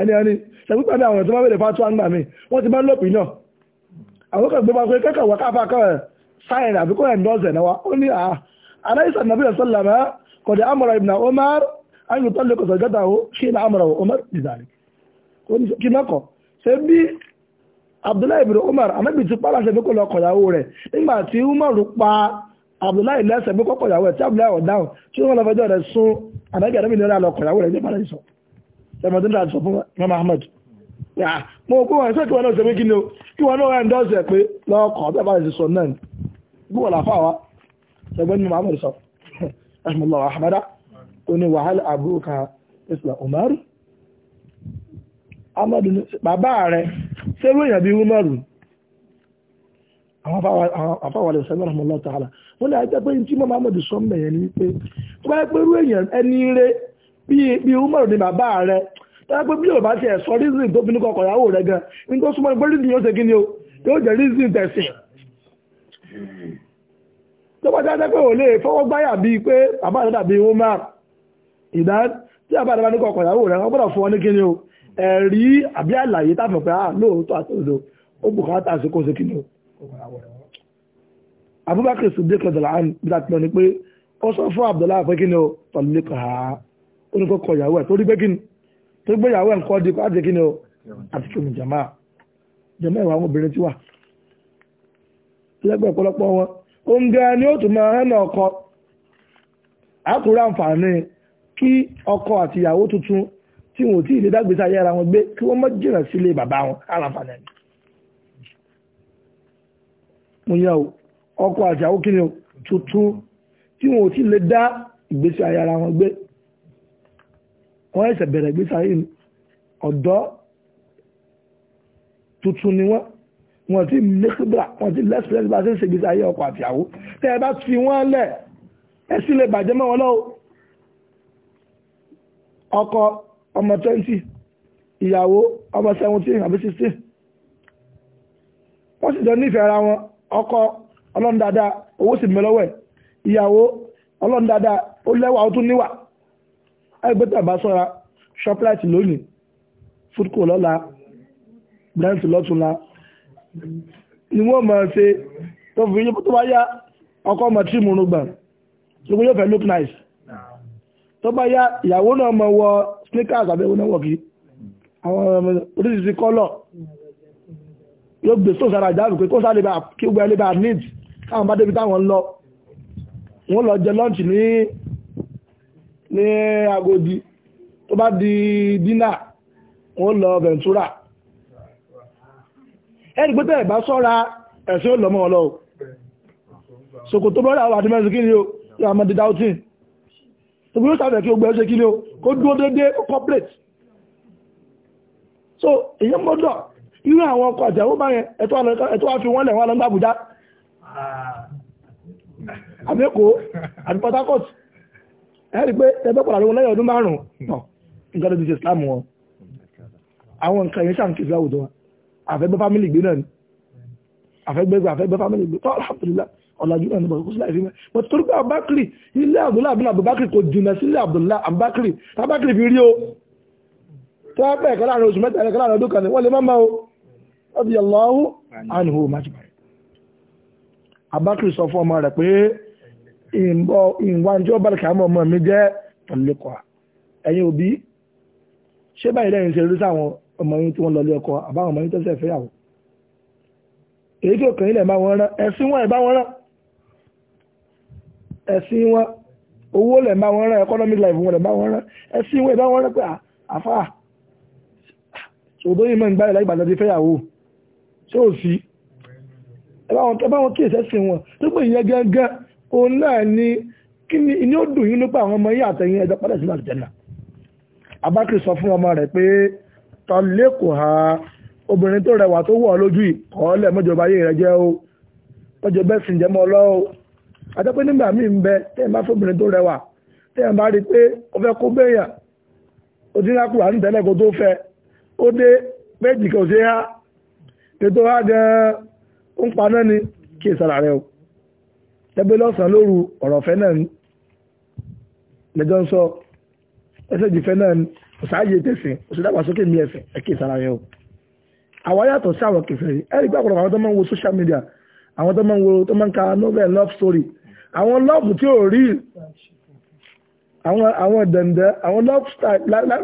ẹni ẹni ṣàgbépadà àwọn ìtọ́wọ́ bẹ̀rẹ̀ fatuwa ń gbà mí wọ́n ti máa ń lòpin náà àwọn kan gbọ́dọ̀ pé kẹ́kọ̀ọ́ wà káfà kọ́ ẹ̀ sáyẹn àbí kọ́ ẹ̀ ǹdọ́ọ̀sẹ̀ náà wa ó ní à aláìsà nàbí ọ̀sọ́làmà kọ̀dẹ̀ amọ̀ra ibn Umar ayò tó lè kọ̀sọ̀ gẹ́ta o ṣe ní amọ̀ra Umar dìdàrí kí lọ́kọ̀ ṣe bí Abdullahi ibn Umar anábì ti pàlà ṣe pé kó lọ kọ̀yàwó rẹ̀ nígbà tí Umar pa Abdullahi lẹ́sẹ̀ pé kọ́ kọ̀yàwó rẹ̀ tí Abdullahi ọ̀dáhùn tí wọ́n lọ fẹjọ́ rẹ̀ sún anábì anábì ní ọ̀rẹ́ àlọ́ kọ̀yàwó rẹ̀ ní ìpàlẹ́ ìsọ̀rọ̀ ẹmọdún náà sọ fún mama ahmed mo kó wọn ṣé kí wọn náà ṣe pé kí ni o kí wọn náà wọ́n dọ́ọ̀sẹ̀ pé lọ́ọ̀kọ̀ bẹ́ẹ̀ bá ṣe sọ náà ni bí wọ́n làfà wa ṣẹgbẹ́ ni muhammed sọ ahmed ahmed ó ní wàhálà àbúrúkà islam umar ahmed bàbá rẹ ṣé ló yàn bí umar àwọn afáwàlẹ̀ ìṣẹ́gbẹ́ rahman allah ta'ala wọ́n ní àjẹpẹ́ ní tí muhammed sọ mẹ́yẹn ni pé tó bá yẹ pé irú èèyàn ẹni rẹ̀ bí Umaru ni bàbá rẹ̀ tẹ́lẹ́pẹ́ bí Yorùbá ti ẹ̀sọ́ reason tó fi ní kọkọ̀ ìyàwó rẹ̀ gan ní tó súnmọ́ pé reason yóò ṣe kí ni o yóò jẹ́ reason tẹ̀sìn tó bá jẹ́ pé ò lè fọwọ́ gbáyà bíi pé bàbá rẹ̀ dàbí Umar ìdá tí bàbá rẹ̀ bá ní kọkọ̀ ìyàwó rẹ̀ wọ́n gbọ́dọ̀ fún ọ ní kí ni o ẹ̀rí àbí àlàyé táfẹ̀ pé ah lóòótọ́ àti òdo ó bùkátà sí kó ṣe kí ni o Abubakar Siddiq radiyallahu anhu bí ta ti lọ ni pé ó sọ fún Abdullahi oníkọ́ kọ ìyàwó ẹ̀ torí pé kíni torí pé ìyàwó ẹ̀ kọ́ di láti kíni o àti kí omi jàmá jàmá ìwà àwọn obìnrin ti wà lẹ́gbẹ̀ẹ́ ọ̀pọ̀lọpọ̀ wọn òun gan ni ó tún máa hàn ọkọ àkúrò àǹfààní kí ọkọ àti ìyàwó tuntun tí wọn ò tí ì lè dágbèsè ayé ara wọn gbé kí wọ́n má jìnà sílé bàbá wọn àlàǹfààní ẹ̀ mo yá o ọkọ àti ìyàwó kíni o tuntun tí wọn ò tí lè dá ìgbésí ayé wọn gbé wọ́n ẹ̀sẹ̀ bẹ̀rẹ̀ gbé sáyé ni ọ̀dọ́ tuntun ni wọ́n wọ́n ti mẹ́sìbìrà wọ́n ti lẹ́sìbìrẹ́sì bá ṣe ń ṣègbésí ayé ọkọ àtìyàwó tẹ́ ẹ bá fi wọ́n lẹ̀ ẹ sì lè bàjẹ́ mọ́ wọn lọ́wọ́ ọkọ ọmọ twenty ìyàwó ọmọ seventeen àbí sixteen wọ́n sì jọ nífẹ̀ẹ́ ara wọn ọkọ ọlọ́run owó sì mẹ́lọ́wọ́ ẹ̀ ìyàwó ọlọ́run ó lẹ́wà ó tún níwà ẹgbẹ́ta bá sọ́ra shoprite lónìí foodco lọ́la brent lọ́túnla ni wọ́n mọ̀ ṣe tó fi yípo tó bá yá ọkọ̀ ọmọ tí múnú gbà lóko yóò fẹ́ look nice tó bá yá ìyàwó náà mọ̀ wọ sneakers àbẹ̀wò náà wọ̀ kí àwọn oríṣiríṣi kọ́lọ̀ yóò gbé sóò sára ìdáàbò pé kó sáré bá kí gbogbo ẹlẹ́bàá need káwọn bá débi táwọn lọ wọ́n lọ jẹ lọ́ọ̀chì ní ní Agodi tó bá di dínà wọ́n lọ Ventura ẹni pé tẹ́ẹ̀ sọ́ra ẹ̀sìn ó lọ́mọ́ ọlọ́ Sokoto brọ́dà wà tí mẹ́rin kí ni o yóò àmọ́ di doubting tó bí ó sàfẹ́ kí o gbẹ̀ẹ́ ṣe kí ni o kó dúró déédéé corporate so èyí mọ́dọ̀ irú àwọn ọkọ̀ àjẹ́wó bá yẹn ẹ̀tọ́ àfi wọ́n lẹ̀ wọ́n lọ ah. àbẹ́kọ̀ọ́ àti Port Harcourt ẹ̀rí pé ẹgbẹ́ padà lóhun lẹ́yìn ọdún márùn-ún tọ̀ nǹkan tó ti ṣe islam wọn àwọn nǹkan yẹn ṣàǹkì sí àwùjọ wa àfẹ́gbẹ́ fámìlì gbé náà ni àfẹ́gbẹ́ gbé àfẹ́gbẹ́ fámìlì gbé tọ́ alhamdulillah ọ̀làjú náà ni bọ̀ kó sílẹ̀ ìfimẹ́ mo ti torí pé abakiri ilé abdullahi abdullahi abubakiri kò jìnnà sílé abdullahi abakiri abakiri fi rí o tó wá pẹ́ ẹ̀kọ́ láàrin oṣù mẹ́ta ẹ̀kọ́ láàrin ọdún kan ni wọ́n lè má ma o radiyallahu anhu májìmáì abakiri sọ fún ọmọ rẹ̀ pé ìwọ ìwánjọ́ bàlùkà àmọ́ ọmọ mi jẹ́ ọ̀mọ̀lẹ́kọ̀ọ́ ẹ̀yin òbí ṣé báyìí lẹ́yìn ṣe rí sáwọn ọmọ yín tí wọ́n lọlé ọkọ àbáwọn ọmọ yín tó ṣẹ̀ fẹ́yàwó èyí tó kàn yín lẹ̀ bá wọn rán ẹ̀sìn wọn ẹ̀ bá wọn rán ẹ̀sìn wọn owó lẹ̀ bá wọn rán economic life wọn lẹ̀ bá wọn rán ẹ̀sìn wọn ẹ̀ bá wọn rán pé àfà ṣòdóyìn mọ́ ìgbàlẹ̀ láì gbàdọ̀ ti fẹ́yàwó ṣé ò sí ẹ̀ bá wọn kíyèsí ẹ̀sìn wọn tó pé ìyẹn gángan òun náà ni kí ni ìní ó dùn yín nípa àwọn ọmọ yín àtẹ̀yìn ẹjọ́ padà sínú àlùjànnà abákì sọ fún ọmọ rẹ̀ pé ha obìnrin tó rẹwà tó wọ̀ lójú ìkọ́ọ́lẹ̀ mọ́jọba ayé rẹ̀ jẹ́ o mọ́jọba ẹ̀sìn jẹ́mọ́ ọlọ́wọ́ àtẹ́pẹ́ nígbà míì ń bẹ tẹ́yìn bá fóbìnrin tó rẹwà tẹ́yìn bá rí pé ó fẹ́ kó bẹ́yàn ó ti rá kúrò àtúntẹ́lẹ̀ kó tó fẹ́ ó dé kò sí ha ètò gan-an tẹ́gbẹ́ lọ́sàn-án lóru ọ̀rọ̀ fẹ́ náà ni lẹ́jọ́ ń sọ ẹsẹ̀ jìfẹ́ náà ni ọ̀sáàyè tẹ̀sìn òṣèdàgbàsókè mi ẹ̀sìn ẹ̀kẹ́ ìsara yẹn o àwa yàtọ̀ sí àwọn kẹfẹ́rí ẹ̀rí gbà pọ̀lọpọ̀ àwọn tó máa ń wo social media àwọn tó máa ń wo tó máa ń ka novel love story àwọn love tí ò rí àwọn àwọn dẹ̀ndẹ̀ àwọn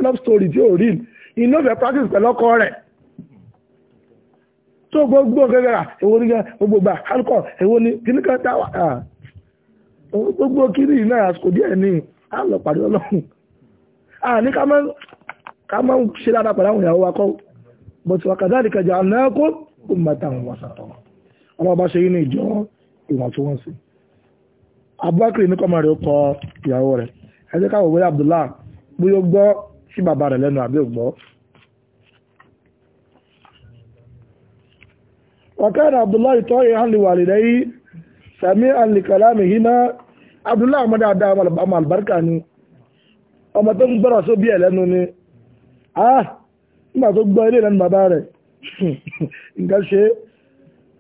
love story tí ò rí inú fẹ́ practice pẹ̀lú ọkọ rẹ̀ tó gbogbo gẹ́gẹ́ra èwo ní gbogbo gbà alkọ̀ èwo ní kìníkà táwà gbogbo kiri náà àsìkò díẹ̀ ní àlọ́pàdé ọlọ́run a ní ká máa ń ṣe dáadáa pẹ̀lú àwọn ìyàwó akọ́ bọ̀tí wà kàdá àdìkà jà náàkó kó máa ta àwọn wàsàtọ̀ ọmọ bá ṣe yí ní ìjọ ìwọ̀ntúnwọ̀nsì abúákìrì ní kọ́mọ rẹ̀ kọ ìyàwó rẹ̀ ẹ jẹ́ káwọ̀ wẹ́ Abdullah bóyá gbọ́ sí bàbá rẹ̀ lẹ́nu àbí ògbọ́ وكان عبد الله طائعا ha سميعا لكلامهما عبد الله ما دعا ما البركه ني ọmọ tó ń gbọ́rọ̀ ni ah nígbà tó gbọ́ ilé lẹ́nu bàbá rẹ̀ nǹkan ṣe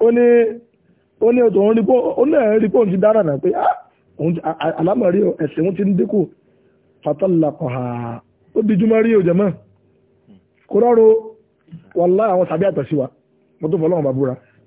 ó ní ó òun rípò ó náà alámọ̀rí ẹ̀sìn ti ń dínkù ó di rí kó rọrùn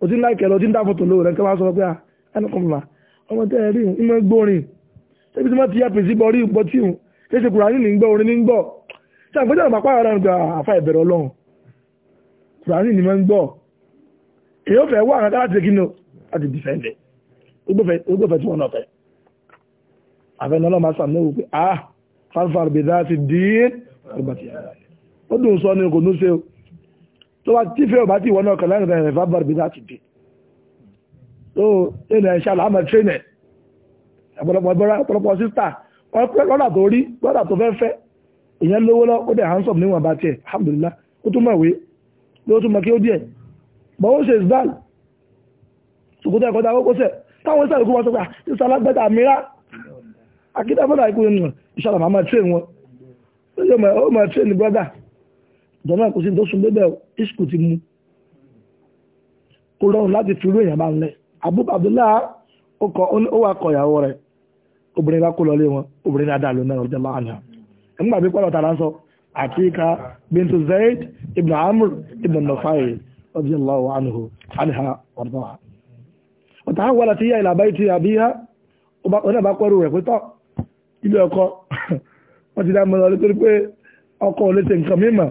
o ti ń láìkẹ́ lọ o ti ń dáfọ́tò lówó rẹ̀ kí wọ́n sọ pé ah, ẹnu kan fà ọmọ tẹ́ ẹ rí i ìmọ̀ gbórin ṣébi tí wọ́n ti yẹ pèsè bọ́ rí ìbọn tí òun kí ṣe kùránì ní gbọ́ orin ní gbọ́ àgbẹ̀jọ́ àgbà pààrọ̀ rẹ̀ gba àfa ìbẹ̀rẹ̀ ọlọ́run kùránì ní mọ́ ń èyí ò fẹ́ wá àwọn akáláti kí ni láti dìfẹ́ǹdẹ̀ ogbófẹ́ tí wọ́n náà fẹ́ àfẹ́ni ọlọ́run máa tó bá tí fẹ́ ò bá tí ìwọ náà kàn láàrin rẹ̀ fà bàrẹ̀ bí náà ti dé tó ilẹ̀ ìṣàlá àmọ̀ tírínẹ̀ ọ̀pọ̀lọpọ̀ bọ́ra ọ̀pọ̀lọpọ̀ sísítà lọ́dà tó rí lọ́dà tó fẹ́ fẹ́ èèyàn lówó lọ ó dẹ̀ hansom níwọ̀n bá tiẹ̀ alhamdulillah ó tún mọ̀wé ló tún mọ̀ kí ó díẹ̀ bọ́wọ́ ṣe isbal ṣùgbọ́n ẹ̀kọ́ dá kókó sẹ̀ táwọn ìsàlẹ̀ kó wọ́n sọ pé ah, ìsà alágbẹ́ta mìíràn akídàbọ̀dà ikú ìṣàlá màmá jọ̀nà kò sí tó sun bébẹ̀ iṣkù ti mú kó rọrùn láti fi rú èèyàn bá ń lẹ̀ Abu Abdullah ó wà kọ ìyàwó rẹ̀ obìnrin bá kó lọlé wọn obìnrin ní adáàlú náà ọjọ́ máa nà ẹ̀mú àbí pọ́lọ̀ tààrà ń sọ Atika bintu Zaid ibn Amr ibn Nufayl radiyallahu anhu anha ọ̀dọ́ha ọ̀tà àwọn wọlé ti yá ìlà báyìí ti àbí yá ó náà bá pẹ́rù rẹ̀ pé tọ́ ilé ọkọ wọ́n ti dá mọ́ lọ nítorí pé ọkọ ò lè ṣe nǹkan mímọ́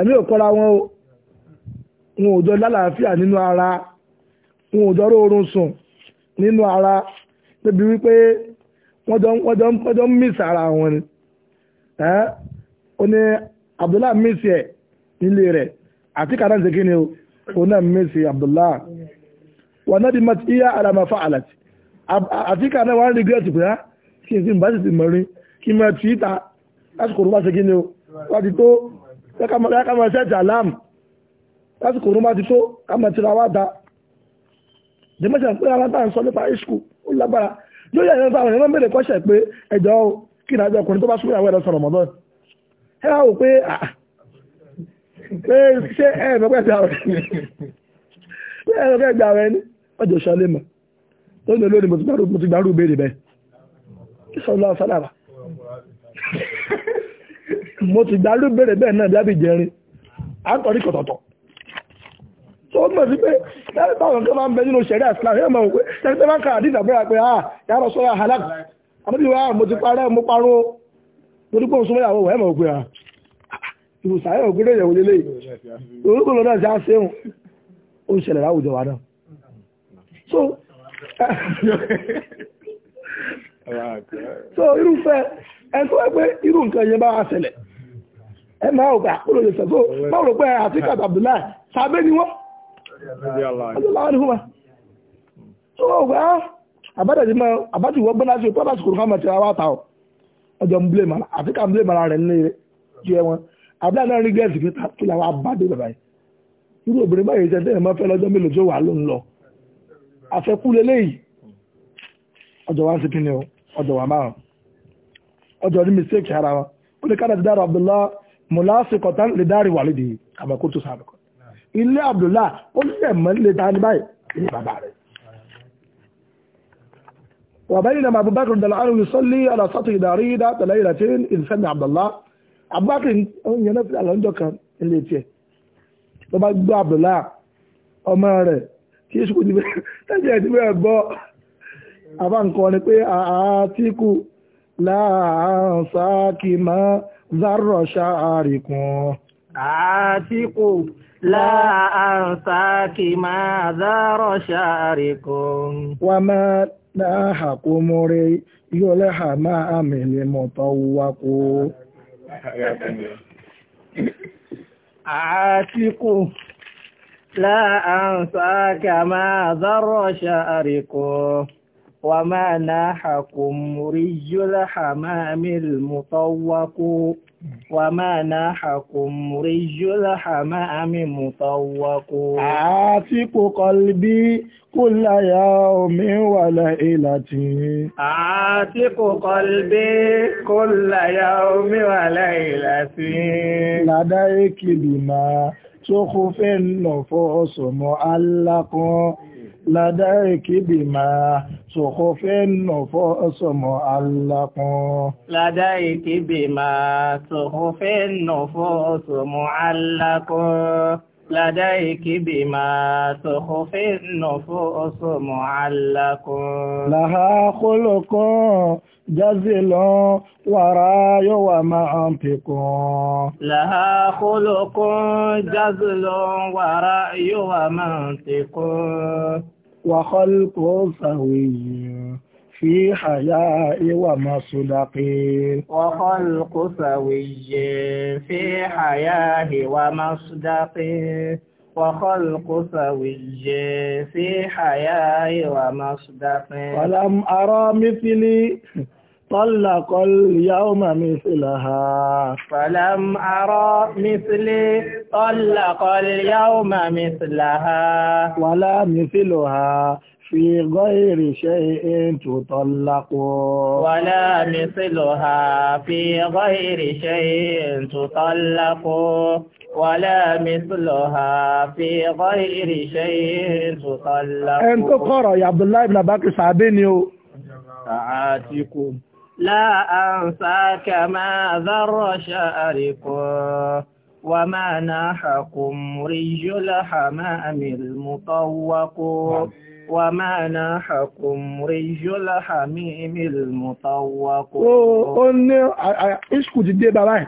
ẹ̀mí ò kọ́ra wọn o wọn ò jọ lálàáfíà nínú ara wọn ò jọ róorun sùn nínú ara débi wípé wọ́n jọ wọ́n jọ wọ́n jọ ń mìsì ara wọn ni ẹ́ ó ní Abdullah mìsì ẹ̀ nílé rẹ̀ àti kàdá ń ṣe kí ni o òun náà mìsì Abdullah wọn náà di mọ́tì iya àdàmọ́fà àlàtì àti kàdá wọn rí gírẹ́tì pé á ah, kí n sì bá sì sì mọ̀rin kí n máa tì í ta tó bá ṣe kí ni o wọ́n ti tó kẹ́kàmọ̀ ṣẹ́ẹ̀tì alam lásìkò orun bá ti tó kàmọ̀ tira wá da jẹ́mọ́sẹ̀ pé ara bá ń sọ nípa ìṣkù ó lágbára yóò yẹ ẹ̀rọ táwọn ẹ̀rọ mẹ́rin kọ́ṣẹ̀ pé ẹjọ́ kí ìdájọ́ ọkùnrin tó bá súnmọ́ ìyàwó ẹ̀rọ sọ̀rọ̀ mọ́dọ́ ẹ wá wò pé ah, ah. pé ṣé ẹ ẹ̀rọ pẹ̀sẹ̀ àwọn pé ẹ̀rọ pẹ̀sẹ̀ àwọn ẹni ọjọ́ ṣọlé mọ̀ tó ní olórí mo ti mo ti dárú bèrè bẹ́ẹ̀ náà dábì jẹrin à ń tọ́rí kọ̀tọ̀tọ̀ tó mọ̀ sí pé láti báwọn kan máa ń bẹ nínú ṣẹ̀rí àsìláàmù yóò mọ̀ pé ṣẹ̀rí tẹ́lá kan àdìsà bẹ́ẹ̀ pé à yàrá sọ́ra halak àmọ́tí wa ah, mo ti so irúfẹ́ ẹ tó wá pé irú nǹkan yẹn bá wá ṣẹlẹ̀ ẹ máa ò gbà kúrò lè sọ̀tò máa rò pé àtìkà Abdullahi sàbẹ́ ni wọ́n adúláwọ̀ ni ah, wọ́n tó wọ́n gbà àbádàjì máa àbájú wọ́n gbọ́n láti pọ́lá sùkúrù fáwọn ti wá ta ọ ọjọ́ ń blé mara àtìkà ń blé mara rẹ̀ ní ju ẹ wọn Abdullahi náà rí gẹ́ẹ̀sì pé kí làwọn abádé bàbá yìí irú obìnrin báyìí jẹ́ tẹ́yẹ̀ máa fẹ́ lọ́jọ́ mélòó tó wà ló ń lọ àfẹ́kú lélẹ́yìí ọjọ́ wa ń sepin ni ọjọ́ wa márùn-ún ọjọ́ orí mistake ara wọn ó ní kánà ti dára Abdullah mùláṣíkọ̀tán lè dárí wàlídì àbàkó tó sàbẹ̀kọ̀ ilé Abdullah ó lè mọ́ lè ta ní báyìí ilé bàbá rẹ̀ وبينما أبو بكر دلعان يصلي على سطح داريدة ليلتين إذ سمع عبد الله أبو بكر ينفذ على عنده كان اللي تيه ló bá gbọ́ àbdùlá ọmọ rẹ̀ kí ṣùkú ti bẹ́ẹ̀ tẹ́jẹ́ ti bẹ́ẹ̀ bọ́ láàánsáàkì mọ́ zárọ̀ ṣáàrì kan. àtìkù láàánsáàkì mọ́ zárọ̀ ṣáàrì kan. wà máa náà àkómọ́rẹ́ yóò lẹ́hà máa àmì lè mọ̀tọ́ wákò. àtìkù láàánsáàkì mọ́ zárọ̀ ṣáàrì وما ناحكم ري حمام المطوق وما ناحكم ري حمام المطوق عاتق قلبي كل يوم وليلة عاتق قلبي كل يوم وليلة لديك بما تخفي النفوس معلق ládàríkìbì máa sọ̀kọ́ fẹ́ nà fọ́ ọsọmọ̀ alákùn. ládàríkìbì máa sọ̀kọ́ fẹ́ nà fọ́ ọsọmọ̀ alákùn. ládàríkìbì máa sọ̀kọ́ fẹ́ nà fọ́ ọsọmọ̀ alákùn. làhá kólókọ́ jazilọ́ wàrá yóò wà máa ń pìkún. làhá kólókọ́ jazilọ́ wàrá yóò wà máa ń pìkún. وخلق سوي في حياء ومصدق وخلق سوي في حياء ومصدق وخلق سوي في حياء ومصدق ولم أرى مثلي طلق اليوم مثلها فلم أرى مثلي طلق اليوم مثلها ولا مثلها في غير شيء تطلق ولا مثلها في غير شيء تطلق ولا مثلها في غير شيء تطلق انت قرأ يا عبد الله بن بكر صعبيني ساعاتكم لا أنسى كما ذر شارق وما ناحكم رجل الحمام المطوق وما ناحكم رجل حميم المطوق ó ní ìṣkù ti dé bàbá ẹ̀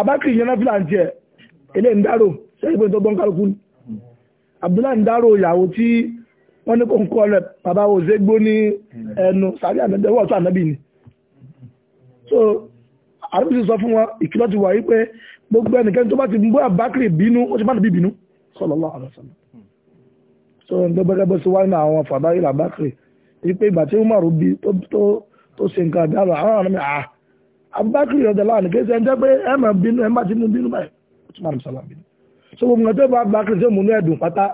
abákìrì yẹn náfìlà ń jẹ ilé ń dárò ṣẹ́gbẹ́ tó gbọ́n kálukú ni Abdullahi ń dárò ìyàwó tí wọ́n ní kò ń kọ́ ọ̀rẹ́ bàbá òṣègbó hmm. ní ni so àrùbí sọ fún wa ìkìlọ̀ ti wà yí pé gbogbo ẹnìkan tó bá ti gbọ́ àbákìrì bínú ó ti bá nàbí bínú sallallahu alaihi wasallam so gbẹgbẹgbẹ sí wáyé náà àwọn fàdá ìlà àbákìrì èyí pé ìgbà tí Umaru bí tó ṣe nǹkan àdáàlọ́ àwọn àmì à àbákìrì ọ̀dọ̀ láàrin kí ẹ jẹ́ pé ẹ máa bínú ẹ máa ti mú bínú báyìí ó ti máa sọ̀rọ̀ bínú so gbogbo nǹkan tó bá àbákìrì tó mú ní ẹ̀dùn pátá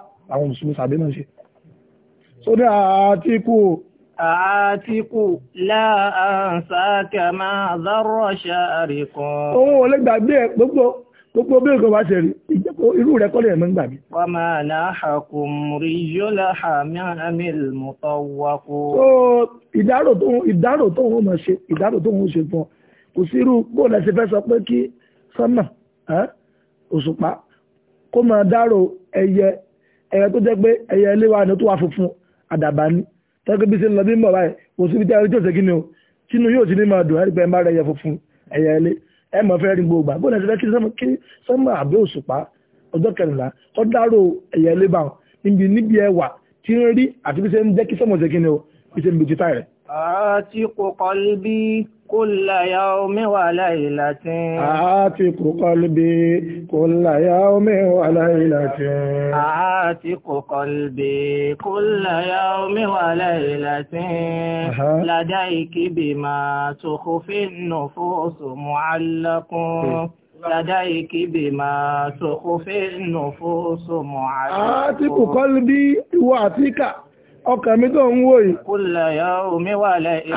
Àátíkù láàáńsáàkà máa zárọ̀ ṣàríkọ́. Ohun olè gbàgbé ẹ̀ gbogbo gbogbo bí nǹkan bá ṣe rí irú rẹ̀ kọ́lẹ̀ ẹ̀mọ́ ń gbàgbé. Wà máa láhàkù rí yọ́lá àmì ìmọ̀tọ̀ wakó. Ó ìdárò tó ń mọ̀ ṣe ìdárò tó ń ṣe fún ọ. Kò sí irú bóòlù ẹ̀sìn fẹ́ sọ pé kí sánmà òṣùpá kó máa dárò ẹyẹ ẹyẹ tó jẹ́ pé ẹyẹ ilé wa ni tó wà funfun àdàbà ni tẹ́gbẹ́ bí lọ bí ń báyìí kò síbi tí o tínú yóò ti ní máa dùn ẹni pé ẹ bá funfun ẹyẹ ilé ẹ fẹ́ rí gbogbo àgbọ̀n ẹ̀ kí sọ́mọ àbẹ́ òṣùpá ọjọ́ kẹrìnlá tó dárò ẹyẹ ilé bá wọn níbi níbi ẹwà tí ń rí àti bí ń jẹ́ kí sọ́mọ ṣe kíni o bí ń bìtítà rẹ̀. àti kò kọ́ كل يوم وليلة أعاتق قلبي كل يوم وليلة أعاتق قلبي كل يوم وليلة لديك بما تخفي النفوس معلق لديك بما تخفي النفوس معلق أعاتق قلبي وأعطيك ọkà mi tó ń wò yìí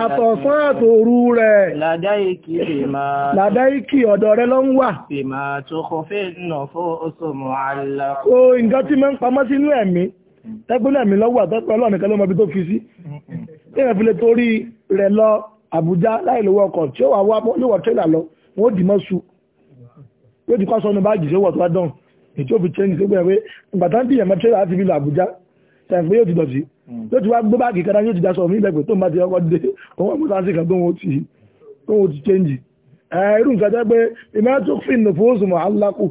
àtọ̀sán àtòru rẹ̀ làdáìkì ọ̀dọ̀ rẹ̀ ló ń wà o nǹkan tí mẹ́ ń pamọ́ sínú ẹ̀mí tẹ́gbẹ́lẹ̀ mi lọ́wọ́ àtọ́pẹ́ ọlọ́nìkan ló mọ ibi tó fi sí ẹ̀rẹ̀ fi lè torí rẹ̀ lọ Àbújá láìlówó ọkọ̀ tí ó wà wá níwọ̀ tẹ́là lọ wọ́n ó dì mọ́ su yóò ti kọ́ sọ ní báàgì sówọ́ tó bá dán èyí tí ó fi gbẹ̀rẹ̀ pé ìgbà tán dìyàn mọ́ tẹ́là láti fi lọ Àbújá ṣàǹfẹ́ yóò ti dọ̀tí tó ti wá gbé báàgì kan yóò ti daṣọ mi lẹ́gbẹ̀ẹ́ tó ń bá ti ọkọ̀ dé òun ọmọ sáà sí kan tó wọn ti tó wọn ti chẹ́ǹjì irú nǹkan jẹ́ pé ìmọ̀ tó fi nù fún oṣù mọ̀ alákù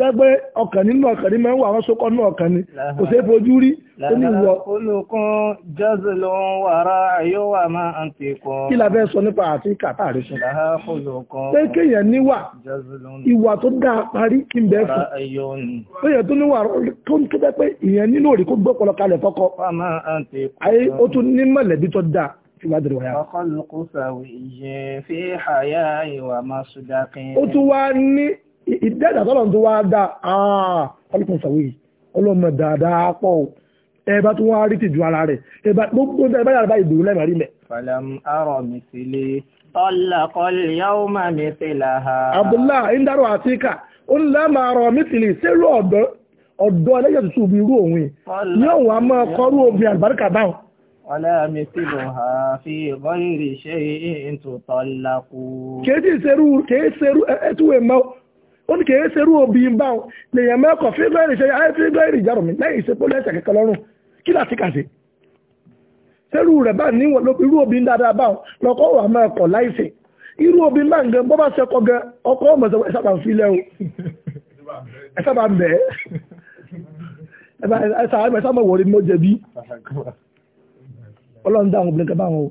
lẹ́gbẹ́ ọkàn nínú ọkàn ní mẹ́wàá àwọn sókọ́ nínú ọkàn ni kò sí fojú rí ó ní ìwọ. olùkún jọ́sẹ̀ ló ń wàrà yóò wà máa ń tè kọ́. kí la fẹ́ sọ nípa àti kàtà rẹ̀ ṣe. níwà ìwà tó dáa parí kí n bẹ́ẹ̀ fún. pé èèyàn tó níwà tó ń tó bẹ́ ìyẹn nínú òrì kó kalẹ̀ fọ́kọ. ayé ó tún ní mọ̀lẹ́bí tó dáa fi wá dìrò wáyá. ọkọ̀ lùkù ìdẹ́dà tọ́lọ̀ tó wá dá ọlọ́kùn sọ̀wé ọlọ́mọ dáadáa pọ̀ ẹba tó wá rí tìjú ara rẹ̀ ẹba gbogbo ẹba yàrá báyìí dùn lẹ́màrí mẹ́. falam arọ mithili tallaqal yawma mithlaha. abdullah indaro atika ó ní lámà arọ mithili sẹ́lú ọ̀dọ́ ọ̀dọ́ ẹlẹ́jẹ̀ tuntun bí irú òun yóò wá máa kọ́rú obìnrin àlùbáríkà báwọn. ولا مثلها في غير شيء تطلق. kèé sì ṣerú kèé ṣerú ẹtú ó ní kèé serú òbí ń bá lèèyàn mẹ́kọ̀ọ́ fígọ́rì ṣe fígọ́rì ìjárò mi lẹ́yìn ìsepó lẹ́sẹ̀ kẹ̀kẹ́ lọ́rùn kí láti kà sí serú rẹ̀ bá níwọ̀n ló irú òbí ń dáadáa bá lọ́kọ́ wà máa kọ̀ láìsè irú òbí ń bá ń gan bọ́ bá sẹ́kọ̀ gan ọkọ̀ ọmọ ẹ̀ sábà ń filẹ̀ o ẹ̀ ń bẹ̀ ẹ̀ sábà wọ̀rí mo jẹ̀bi ọlọ́run dáhùn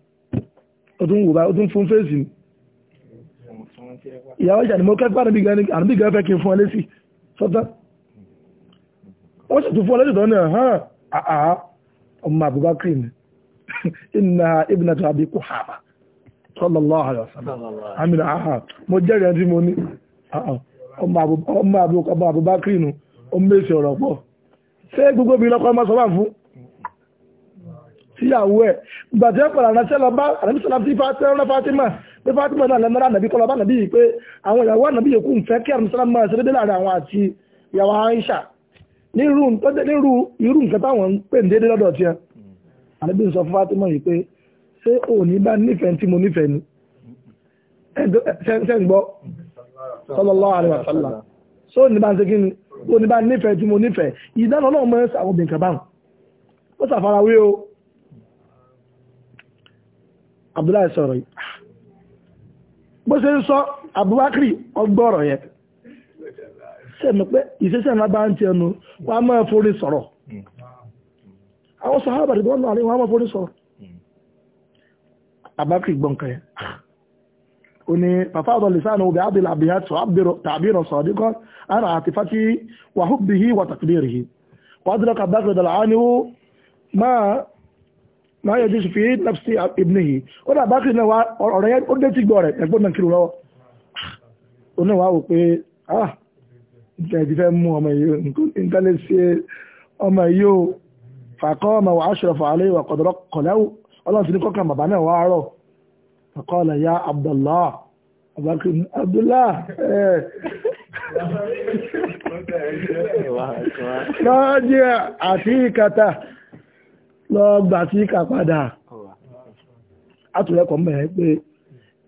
ó tún wò bá ó tún fún fèsì ni ìyàwó ìṣà ni mo kẹ́kọ̀ọ́ àrùbí gan àrùbí gan fẹ́ kí n fún ọ lẹ́sì sọ́tán ó sì tún fún ọ lẹ́sì tán náà hàn àá ọmọ Abubakar ni inna ibnatu abi Quhafa sallallahu alaihi wasallam amina aha mo jẹ́rìí ẹni tí mo ní ọmọ Abubakar nu ọmọ èsì ọ̀rọ̀ pọ̀ ṣé gbogbo obìnrin lọ́kọ́ ọmọ sọ wà síyàwó ẹ̀ gbàjẹ́ pẹ̀lú àránṣẹ́ lọ bá àránṣẹ́ lọ sí fátẹ́rọ́lá Fátímà pé Fátímà náà lẹ́mọ́rá nàbí kọlọ bá nàbí pé àwọn ìyàwó nàbí yòókù ń fẹ́ kí àránṣẹ́ máa ṣe dédé láàrin àwọn àti ìyàwó Aisha nírú irú nǹkan táwọn ń pè dédé lọ́dọ̀ tí àrẹ́bí sọ fún Fátímà yìí pé ṣé ò ní bá nífẹ̀ẹ́ tí mo nífẹ̀ẹ́ ni ṣẹ́ǹgbọ́ sallallahu alaihi wasallam só ní bá ń ṣe kí ni ò ní bá nífẹ̀ẹ́ tí mo nífẹ̀ẹ́ ìdáná náà mọ́ àwọn obìnrin kan báwọn ó ṣàfarawé o Abdullahi sọ̀rọ̀ yìí bó ṣe ń sọ Abubakar ọgbọ́rọ̀ yẹ sẹ́mi pé ìṣẹ́sẹ́ ńlá bá ń ti ẹnu wọ́n á máa forí sọ̀rọ̀ àwọn sàhábà rẹ̀ gbọ́nà àríwá wọ́n á máa forí sọ̀rọ̀ Abubakar gbọ́n kan yẹn ó ní bàbá ọ̀dọ̀ lisanu obì abdul abiyat tàbí ìrọ̀sọ̀ àdíkọ́ ara máa yẹ jésù fi nafsi ibni yìí ó dà bákìrì náà wá ọ̀rọ̀ yẹn ó dé tí gbọ́ rẹ̀ ẹ̀gbọ́n náà kiri lọ́wọ́ ó náà wá wò pé ah ìtẹ̀ẹ̀dì fẹ́ mú ọmọ yìí nǹkan lè ṣe ọmọ yìí ó fàkọ́ ọmọ wa aṣọ́rọ̀fọ̀ alẹ́ ìwà kọ̀dọ̀rọ̀ kọ̀lẹ́wò ọlọ́run ti ní kọ́kàn bàbá náà wá rọ̀ fàkọ́ ọ̀lẹ̀ ya abdullah abdullah ẹ̀ lọ́jọ́ àti ìkàtà lọ gbà sí kà padà àtúrẹ́kọ̀ mẹ́rẹ̀ pé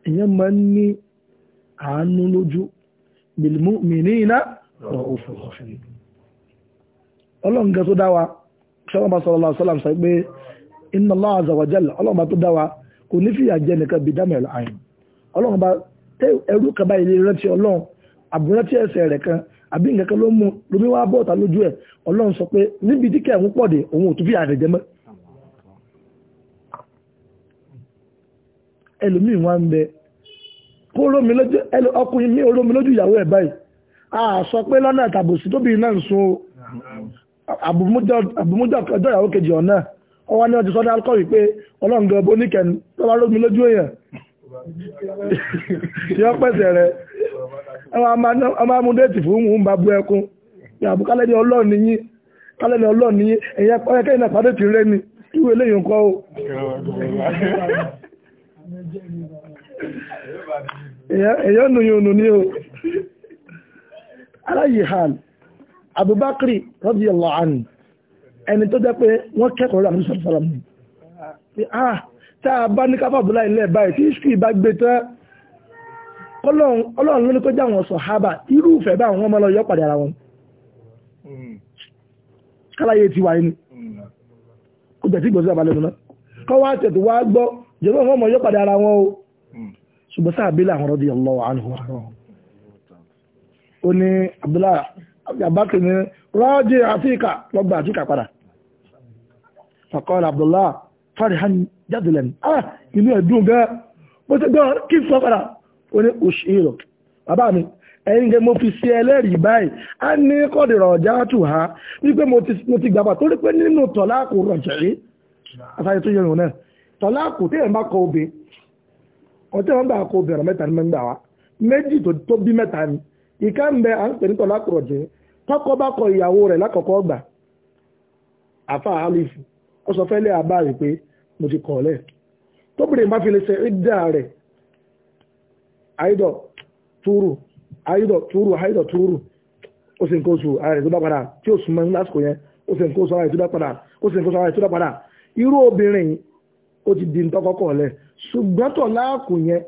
èyàn máa ń ní àánú lójú bìlìmú mìíràn ọ̀rọ̀ òfin ọlọ́ngẹ́ tó dáwà ṣọ́lọ́mà sọ́lọ́lá sọ́lọ́m sọ pé iná lọ́wọ́ àzàwàjẹ́lá ọlọ́mà tó dáwà kò ní fìyà jẹ nìkan bí dámẹ̀lá àyìn ọlọ́mà ẹrú kaba ilé rántí ọlọ́run àbúrántí ẹsẹ̀ rẹ̀ kan àbí ẹlòmíì wá ń bẹ kó lójú ọkùnrin mi olómi lójú ìyàwó ẹ̀ báyìí a sọ pé lọ́nà àtàbòsí tóbi náà ń sun àbùmújọ ọjọ́ ìyàwó kejì ọ̀nà ọwọ́ ni wọ́n sọ ní alkọ́rì pé ọlọ́run gan bó níkẹ́ tó bá lójú èèyàn yọ pẹ̀sẹ̀ rẹ̀ ọmọ amúdẹ́tì fún un bá bú ẹkún yín yín èyàn nù yóò nù ní o aláyì hàn abubakri ẹni tó jẹ́ pé wọ́n kẹ́kọ̀ọ́ àmì sọ̀rọ̀sọ̀rọ̀ mi ah a bá ní káfà ilẹ̀ báyìí tí ìṣkì bá gbé ọlọ́run kó jẹ́ àwọn bá àwọn ọmọ padà ara wọn ti wáyé ni mm. jẹ́bọ́ wọn mọ̀ yóò padà ara wọn o hmm. ṣùgbọ́n sáà bí làwọn rọ́dí ọlọ́wọ́ àánúwà ó ní abdullahi ní rọ́jì àfíkà lọ́gbà àfíkà padà fàkọ́lá abdullahi farihan jadilẹ̀n ah inú ẹ̀dùn gẹ́ bó ti gbọ́n kí sọ padà ó ní òṣèrò bàbá mi ẹ̀yìn gẹ́ mo fi sí ẹlẹ́rìí báyìí a ní kọ́dìrọ̀ ọ̀já tù ha wípé mo ti gbàgbà torí pé nínú tọ̀lá kò rọ̀jẹ̀rí àtàyè tó yẹ tọ́láàkù tí èèyàn kọ obìnrin ọtí wọn bá kọ obìnrin mẹ́ta ní mẹ́ta wa méjì tó bí mẹ́ta ni ìka ń bẹ à ń pè ní tọ́láàkù rọ̀jẹ́ tọ́kọ bá kọ ìyàwó rẹ̀ lákọ̀ọ́kọ́ gbà àfa ó sọ fẹ́ lé àbá rẹ̀ pé mo ti kọ̀ lẹ̀ tóbìnrin bá fi lè ṣe ìdá rẹ̀ túrù túrù túrù ó sì ń ara rẹ̀ tó ó ti di ntọ́kọ́kọ́ lẹ̀ ṣùgbọ́n tọ̀ láàkù yẹn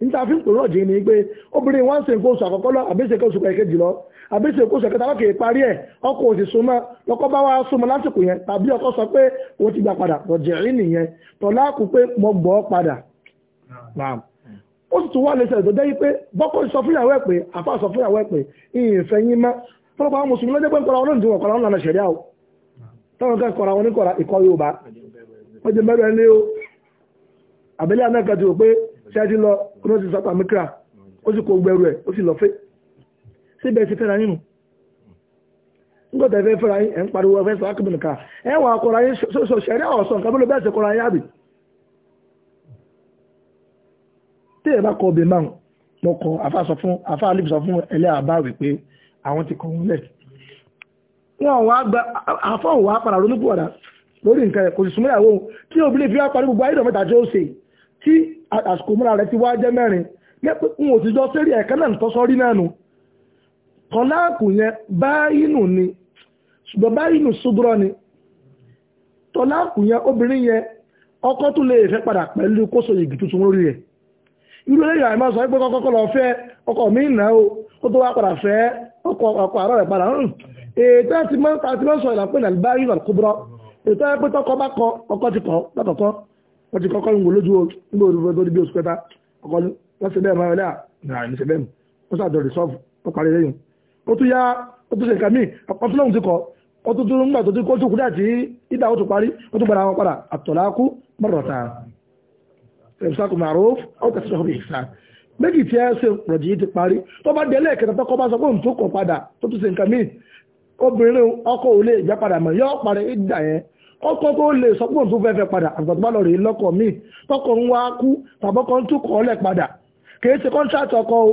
níta fi ń pè rọ̀jì ni pé obìnrin wọn ń ṣe nǹkan oṣù àkọ́kọ́ lọ àbẹ́sẹ̀ kó oṣù kẹ̀kejì lọ àbẹ́sẹ̀ kó oṣù kẹta lọ́kẹ̀ parí ẹ̀ ọkọ òsì súnmọ́ lọ́kọ́ bá wá súnmọ́ lásìkò yẹn tàbí ọkọ sọ pé o ti gbà padà rọ̀jì rí nìyẹn tọ́láàkù pé mo gbọ́ padà ó sì wà lẹ́sẹ̀ tó pé bọ́kọ̀ pé àbẹ̀lẹ̀ amẹ́ka ti rò pé ṣáàtì lọ kí wọ́n ti sọ pàmí kíra ó sì kó gbẹrù ẹ̀ ó sì lọ fẹ́ síbẹ̀ ti fẹ́ra nínú nígbà tẹ̀ fẹ́ fẹ́ra ẹ̀ ń pariwo ẹ̀ fẹ́ sọ akébìnrin ká ẹ̀ wà kọ́ra yín sọ ṣẹ̀rí ọ̀sán nǹkan bọ́lọ́ bẹ́ẹ̀ sì kọ́ra yín àbí. téèyàn bá kọ obìnrin máa mọ kọ àfa sọ fún àfa alif sọ fún ẹlẹ́ àbá wípé àwọn ti kọ wọn lẹ̀. wọn wá gba àfọ̀wọ́ apàrà wá parí tí àsìkò múra rẹ̀ ti wá jẹ́ mẹ́rin n ò ti jọ sérí ẹ̀kan náà tọ́ sọ́rí náà nù tọ́láàkù yẹn báyínù ni ṣùgbọ́n báyínù ṣúgbọ́n ni tọ́láàkù yẹn obìnrin yẹn ọkọ tún lè fẹ́ padà pẹ̀lú kóso yìí tuntun lórí rẹ̀ irú lẹ́yìn àìmọ́ sọ pé kọ́kọ́ lọ fẹ́ ọkọ mi nà ó kó tó wá padà fẹ́ ọkọ ọkọ àárọ̀ rẹ̀ padà hàn ètò àti mọ́ sọ ìlànà pé nàìjíríà báyínù wọ́n ti kọ́kọ́ ń wò lójú nígbà òdúró tó di bí oṣù kẹta ọkọ ni wọ́n ṣe bẹ́ẹ̀ máa dáa náà ní ṣe bẹ́ẹ̀ wọ́n ṣàjọ rìsọ́ọ̀fù ó parí lẹ́yìn ó tún yá ó tún ṣe nǹkan míì ọtún lóhun ti kọ́ ó tún tún nígbà tó ti kó tókù dáàtì ìdá ó tún parí ó tún padà wọn padà àtọ̀láàkú mọ̀rọ̀ta ìfisàkù màrúf ó tẹ̀sí ọ̀hún ìfisà méjì tí ẹ ṣe rọ̀jì yìí ti parí tó bá délé ìkẹta tó kọ́ bá sọ pé òun tó kọ̀ padà tó tún ṣe nǹkan míì obìnrin ọkọ òun lè mọ̀ yọ́ parí ìdá yẹn ọkọ tó lè sọ́pọ̀ tó fẹ́fẹ́ padà lọ rèé lọ́kọ̀ míì tọkọ̀ ń wá kú tàbọ́kọ̀ ń túkọ̀ ọlẹ̀ padà kìí ṣe kọ́ńtàtì ọkọ̀ o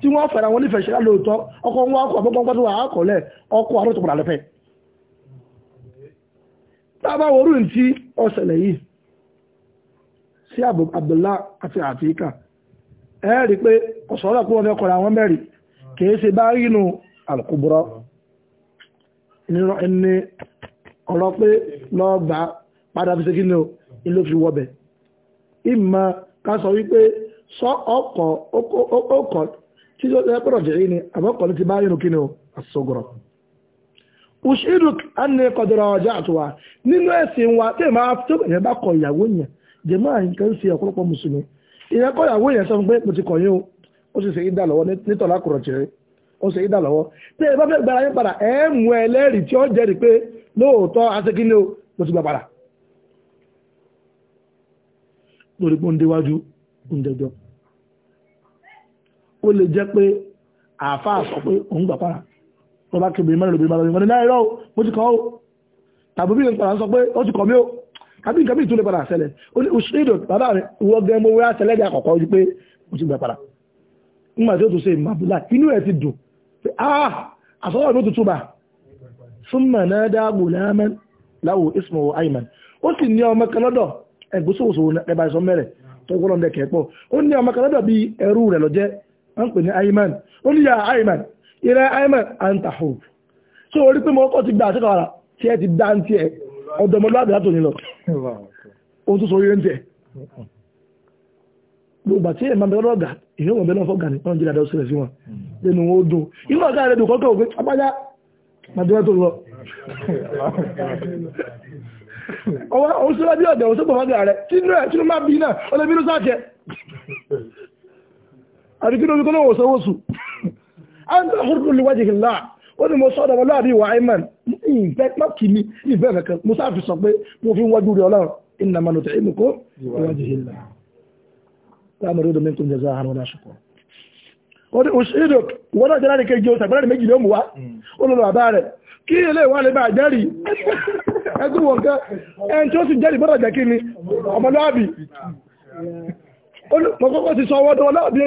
tí wọ́n fẹ̀rẹ̀ àwọn onífẹ̀ẹ́ ṣẹlẹ̀ lóòótọ́ ọkọ̀ ń wá kú àbọ́kọ̀ ń wà ọkọ̀ ọ̀rọ̀ pé lọ́ọ́ padà fi ṣe kí ni o ìlú fi wọ́bẹ̀ ìmọ̀ ká sọ wípé sọ ọkọ̀ ọkọ̀ tí ó lẹ́ pẹ̀rọ̀ jẹ́ ní àbọ̀kọ̀ ní ti bá yìnbọn kí ni o òṣèlú ọjà àtúwà nínú ẹ̀sìn wa tí èèmọ̀ tó kẹ̀yẹ́ bá kọ ìyàwó yẹn jẹ̀mọ́ àyíkẹ́ ń fi ọ̀pọ̀lọpọ̀ mùsùlùmí ìyẹn kọ ìyàwó yẹn sọ pé mo ti yín o lóòótọ́ asekílé o mo ti gbà padà lórí pé ó ń déwájú oúnjẹjọ ó lè jẹ́ pé àáfàá sọ pé òun gbà padà lọ́ba kébìrì mọ́rin lóbìnrin bàbá mi wọ́n ní láìrọ́ o mo ti kọ́ o tàbí bí ìpàdà sọ pé ó ti kọ́ mi o tàbí nǹkan bí ìtúlẹ̀ padà ṣẹlẹ̀ ó ní ah àsọ́wọ́ ìlú tuntun bá súnmọ̀ náà dáàbò láàmán láwò ismo ayman ó sì ní ọmọ kanadọ̀ ẹgbósòwòsòwò ẹbà ìsọ mẹ́rẹ̀ tó gbọ́nà ọdẹ kẹ́ẹ̀pọ̀ ó ní ọmọ kanadọ̀ bí ẹrú rẹ̀ lọ́jẹ́ wọ́n pè ní ayman ó ní ya ayman ìrẹ́ ayman antahub so orí pé mo kọ́ ti gba àtẹ́kọ̀ọ́ra tí ẹ ti dá ń tiẹ̀ ọ̀dọ̀mọlúwàbí látò nílọ ohun tó sọ orí ń tiẹ̀ gbogbo àti ẹ̀mà bẹ̀rẹ̀ ọ̀gá ìyẹ́wọ̀n bẹ̀rẹ̀ ọ̀fọ́gà ní ọ̀nà jẹ́ dáadáa ó sílẹ̀ sí wọn lẹ́nu wọn ó dùn inú ọ̀gá rẹ̀ dùn kọ́kọ́ òfin abájá nàdúrà tó lọ ọwọ́ òṣèlú bí ọ̀dẹ̀ òṣèlú pọ̀fọ́dẹ̀ ààrẹ tínú ẹ̀ tínú máa bí náà ọlẹ́ bínú sáàkẹ́ àríkínú omi kọ́lọ́wọ́ sọ́wọ́sù an tó hùrùkù lè wájì hìlá ó ní mo sọ́dọ̀ wọn láàrin ìwà ayman ìfẹ́ mọ́kì mi ìfẹ́ kankan mo sáàfi sọ pé mo fi wájú rí ọlọ́run ìnàmọ́nù tẹ̀ ìmùkó ìwájì wọ́n ní òṣèrèk wọ́n náà jẹ́láàrí kejì oṣù àgbẹ́láàrí méjì ní òmùwá olóòrùn àbá rẹ̀ kí ilé ìwà lè bá jẹ́rì ẹgbẹ́ wọn kẹ́ ẹn tí ó sì jẹ́rì bọ́dọ̀ jẹ́ kí ni ọmọlọ́bì mọ̀kọ́kọ́ ti sọ ọwọ́dọ̀ ọlọ́bí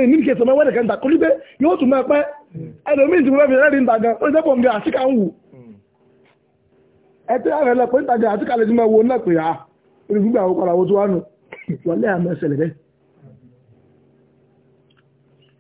ẹ̀yìn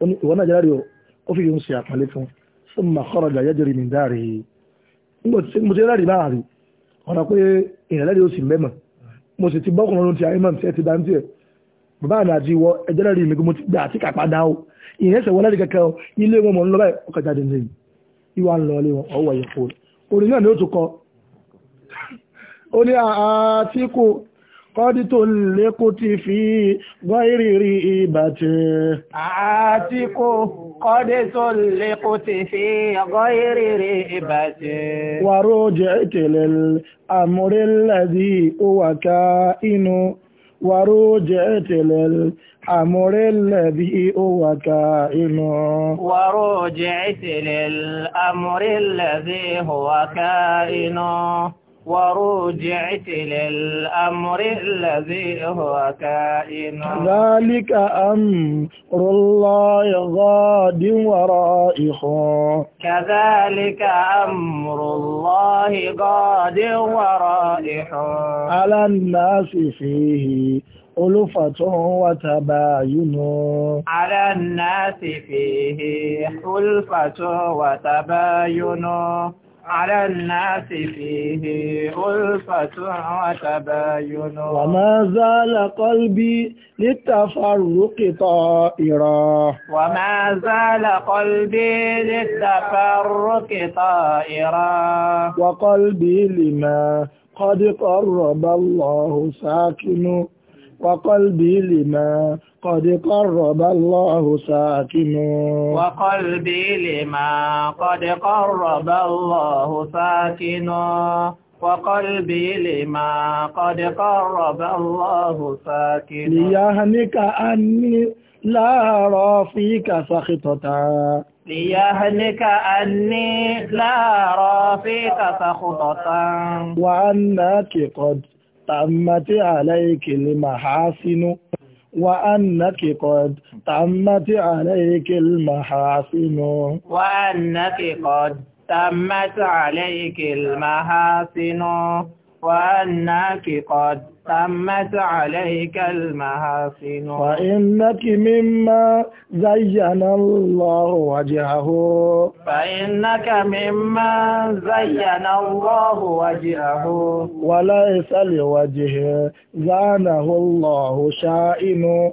ìwọ náà jáde o ó fi yóò ṣe àpàlẹ́ fún fún màkọ́rọ̀jà yẹ́jẹ̀rì mi dáre mo ti rẹ́rìí máa rí ọ̀nà pé ìrẹ̀lẹ́rìí ó sì mẹ́mọ̀ mo sì ti bọ́kùnrin ọdún ti àìmọ̀ tí ẹ ti dáńtì ẹ̀ bàbá àná àti ìwọ ẹjẹ́ rẹ̀ rí mi mo ti gbà o ìyẹn ẹsẹ̀ wọlé o ilé wọn mọ̀ ń lọ báyìí ilé wọn ọwọ́ yẹ orin náà ni ó tún kọ ó ní àtíkù kọ́dí tó lè kó ti fi gọ́ìrì rí ìbàtẹ̀. àti kò kọ́dí tó lè kó ti fi gọ́ìrì rí ìbàtẹ̀. wàró jẹ́ ìtẹ̀lẹ̀ àmúrẹ́lẹ́dì òwàká inú wàró jẹ́ ìtẹ̀lẹ̀ àmúrẹ́lẹ́dì òwàká inú. wàró jẹ́ ìtẹ̀lẹ̀ àmúrẹ́lẹ́dì òwàká inú. ورجعت للأمر الذي هو كائن ذلك أمر الله غاد ورائخ كذلك أمر الله غاد ورائح على الناس فيه ألفة وتباين على الناس فيه ألفة وتباين على الناس فيه ألفة وتباين وما زال قلبي للتفرق طائرا وما زال قلبي للتفرق طائرا وقلبي لما قد قرب الله ساكن وقلبي لما قد قرب الله ساكن وقلبي لما قد قرب الله ساكن وقلبي لما قد قرب الله ساكن ليهنك أني لا أرى فيك سخطة ليهلك أني لا أرى فيك سخطة وأنك قد تمت عليك المحاسن وأنك قد تمت عليك المحاسن وأنك قد تمت عليك المحاسن وأنك قد تمت عليك المحاسن فإنك مما زين الله وجهه فإنك مما زين الله وجهه وليس لوجهه زانه الله شائن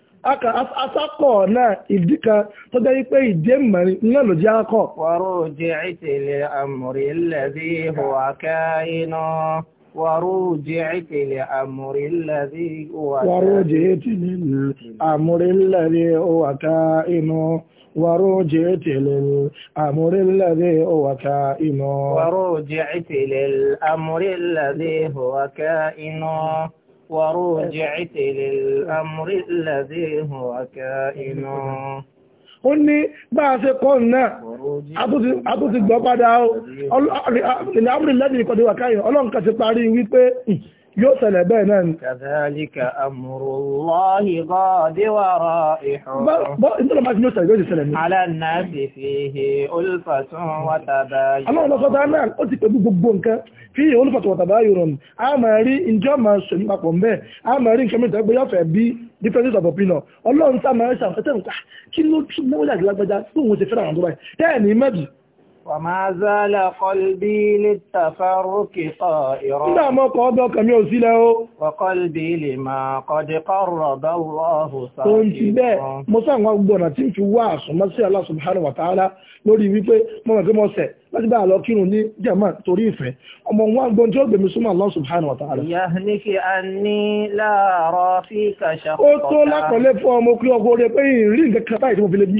asákọ̀ náà ìdí kan tó jẹ́ wípé ìdí mẹ́rin náà ló jẹ́ akọ̀. wàrú jẹ́ ìtìlẹ̀ àmúrí lẹ́bí ìhùwà káyínà wàrú jẹ́ ìtìlẹ̀ àmúrí lẹ́bí ìhùwà káyínà. wàrú jẹ́ ìtìlẹ̀ àmúrí lẹ́bí ìhùwà káyínà. ورجعت ورجعت للأمر الذي هو كائن ó ní bá a ṣe kọ́ náà àtúntì gbọ́ padà ó ìlàmùrìlẹ́dì ìkọ̀dẹ̀wà káyọ̀ ọlọ́nkà ti parí wípé yóò tẹ̀lẹ̀ bẹ́ẹ̀ náà ni. kàzálíkà amúrùláhì gọ́ọ̀díwàrọ̀ ìhùn. ìtọ́lọ̀ máa ti yóò tẹ̀lẹ̀ yóò ti tẹ̀lẹ̀ ní. alánàáfì fi he olùfàtún wátàbáyò. aláwọ̀ lọ́kọ́ ó ti pẹ̀lú gbogbo nǹkan fi Fàmá zálà kọlbí lè tàfàrókè ọ̀ìrọ̀. Nígbà mọ́ kọ́ ọdọ́ kàmí ò sílẹ̀ ó. Wọ́kọlbí lè máa kọ́dé kọ́rọ̀ báwọ̀ ọ̀hùsá. Tó ń ti bẹ́ẹ̀, mo sáà ń wá gbọ́nà tí ń fi wá àsùnmọ́sí Allah subhanahu wa ta'ala lórí wípé mọ́mọ̀ pé mọ́sẹ̀ láti bá àlọ́ kírun ní jàmá torí ìfẹ́ ọmọ wọn gbọ́n tí ó gbẹ̀mí súnmọ́ Allah subhanahu wa ta'ala. yahniki anni la rafika shaqqata. ó tó lákọ̀ọ́lẹ́ fún ọmọ kí ọkọ̀ rẹ̀ pé ìrìn nǹkan kan báyìí tí mo fi lè bínú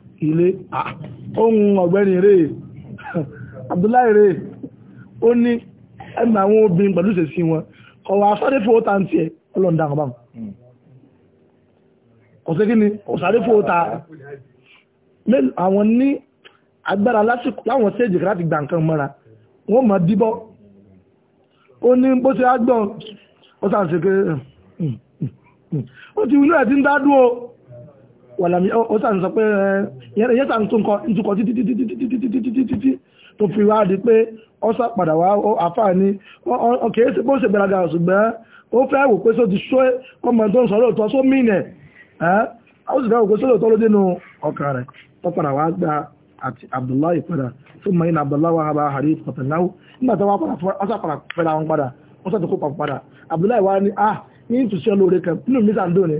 ilé ohun ọ̀gbẹ́ni rẹ̀ Abdullahi rẹ̀ ó ní ẹnu àwọn obìnrin pẹ̀lú ìṣẹ̀sí wọn ọ̀wọ̀ asọ́dé fowó ta ń tiẹ̀ ọlọ́ndà ọ̀bá ọ̀sẹ̀ kí ni ọ̀sàdé fowó ta àwọn ní agbára lásìkò láwọn séèjì láti gbà nǹkan mọ́ra wọ́n mọ̀ díbọ́ ó ní bó ṣe á gbọ́n ó hmm, hmm, hmm, ti wí náà ti wàlàmí ó sàn sọ pé yẹ́ sàn tún kọ ìtukọ̀ títí tó fi wá di pé to fi wá àfáà ní ọkẹ́ sí bó ṣe gbẹ̀rẹ̀gà ṣùgbọ́n ó fẹ́ wò pé só ti ṣó ọmọ tó ń sọ lóòótọ́ só mìnẹ̀ ó sì fẹ́ wò pé só lóòótọ́ ló ọkà rẹ̀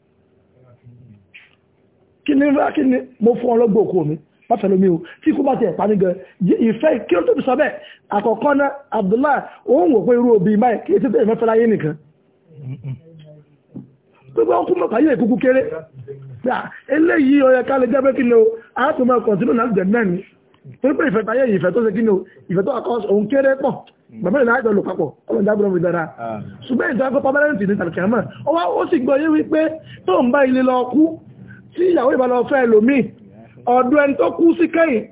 kí ni rá kí ni mo fún ọlọ́gbọ̀ òkú mi pàtàkì mi o tí kú bá ti ẹ̀pá ní gan ìfẹ́ kí ló tóbi sọ́bẹ̀ àkọ́kọ́ náà Abdullahi òun wò pé irú obì máa kí etí tẹ̀yẹ̀ nìkan gbogbo ni o a tó máa kọ̀ntínú náà jẹ̀ náà ni torí pé ìfẹ́ táyé ìfẹ́ tó ṣe kí ni o ìfẹ́ tó àkọ́ òun kéré pọ̀ bàbá ìlànà àjọ lò papọ̀ ó sì gbọ́ yé wípé tó ń bá ilé lọ kú tí ìyàwó ìbálọ̀ fẹ́ ẹlòmí ọ̀dọ̀ ẹni tó kú sí kẹ́yìn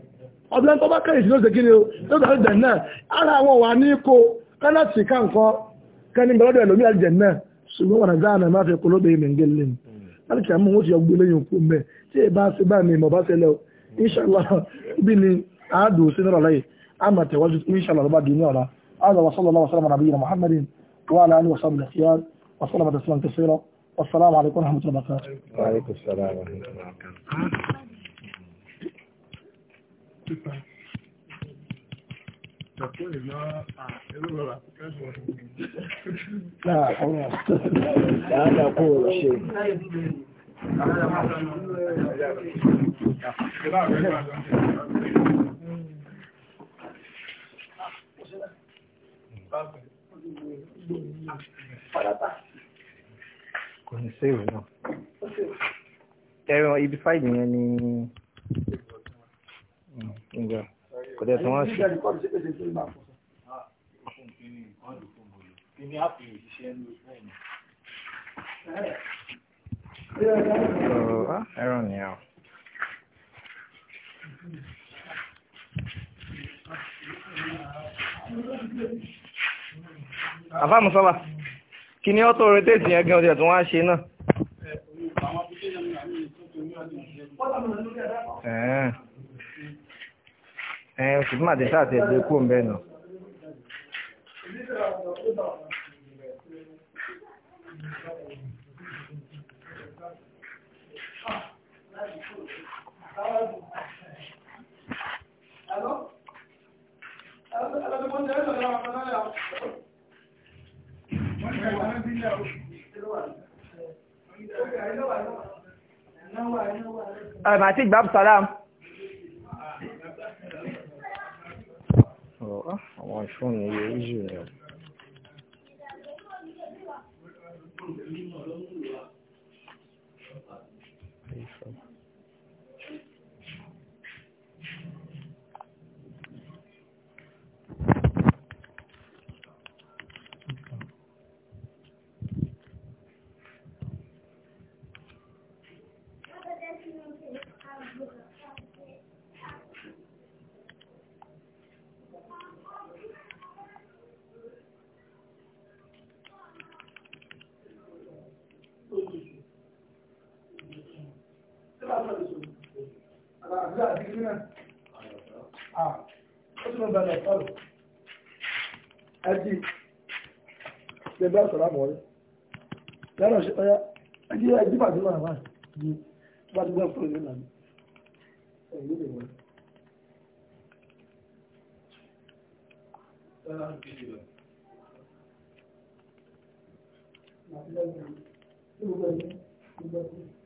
ọ̀dọ̀ ẹni tó bá kẹ́yìn sí lóṣè kí ni ó lọ́dọ̀ àjẹ́ náà ara àwọn wà ní kó kánàtì káǹkọ́ kẹ́ni bẹ̀rọ̀dọ̀ ẹlòmí àjẹ́ náà ṣùgbọ́n wọn àgbà àná máa fi kó lóde ìmọ̀ ìgbé lẹ́nu láti kí àmú wọn ti ọgbó lẹ́yìn òkú mẹ́ tí ì bá ṣe bá mi mọ̀ bá ṣẹlẹ̀ inṣàlá ibi ni àádùn sí náà الله وسلم على نبينا محمد وعلى اله وصحبه الاخيار وسلم تسليما كثيرا والسلام عليكم ورحمة الله وبركاته وعليكم السلام ورحمة الله وبركاته لا حول ولا قوة لا أقول شيء Para conheceu não é uma ẹran ibi fáìlì yẹn ni ǹjẹ́ mm, kò dẹ̀ tí wọ́n ṣe. Ah, ẹran kí ni ó tó retí èsì yẹn gan ọdẹ wá ṣe náà ẹ̀ẹ́n ṣùgbọ́n àti sáà tẹ̀lé kó ń bẹ́ẹ̀ nà Hello? Hello? Hello? Hello? Hello? Hello? Hello? A matik bab salam. Oh, ah, àbúrò àti kí náà ah ó tún lọ bẹ̀rẹ̀ sọ̀rọ̀ ẹ jí ṣe bẹ́ẹ̀ sọ̀rọ̀ àmọ́ rẹ̀ lẹ́rọ̀ ṣe ọya ẹjí ẹjí bàtí lọ́nà máa jí bá ti gbọ́ fún ìlú náà ẹ̀yí lè wọ́n. Thank you.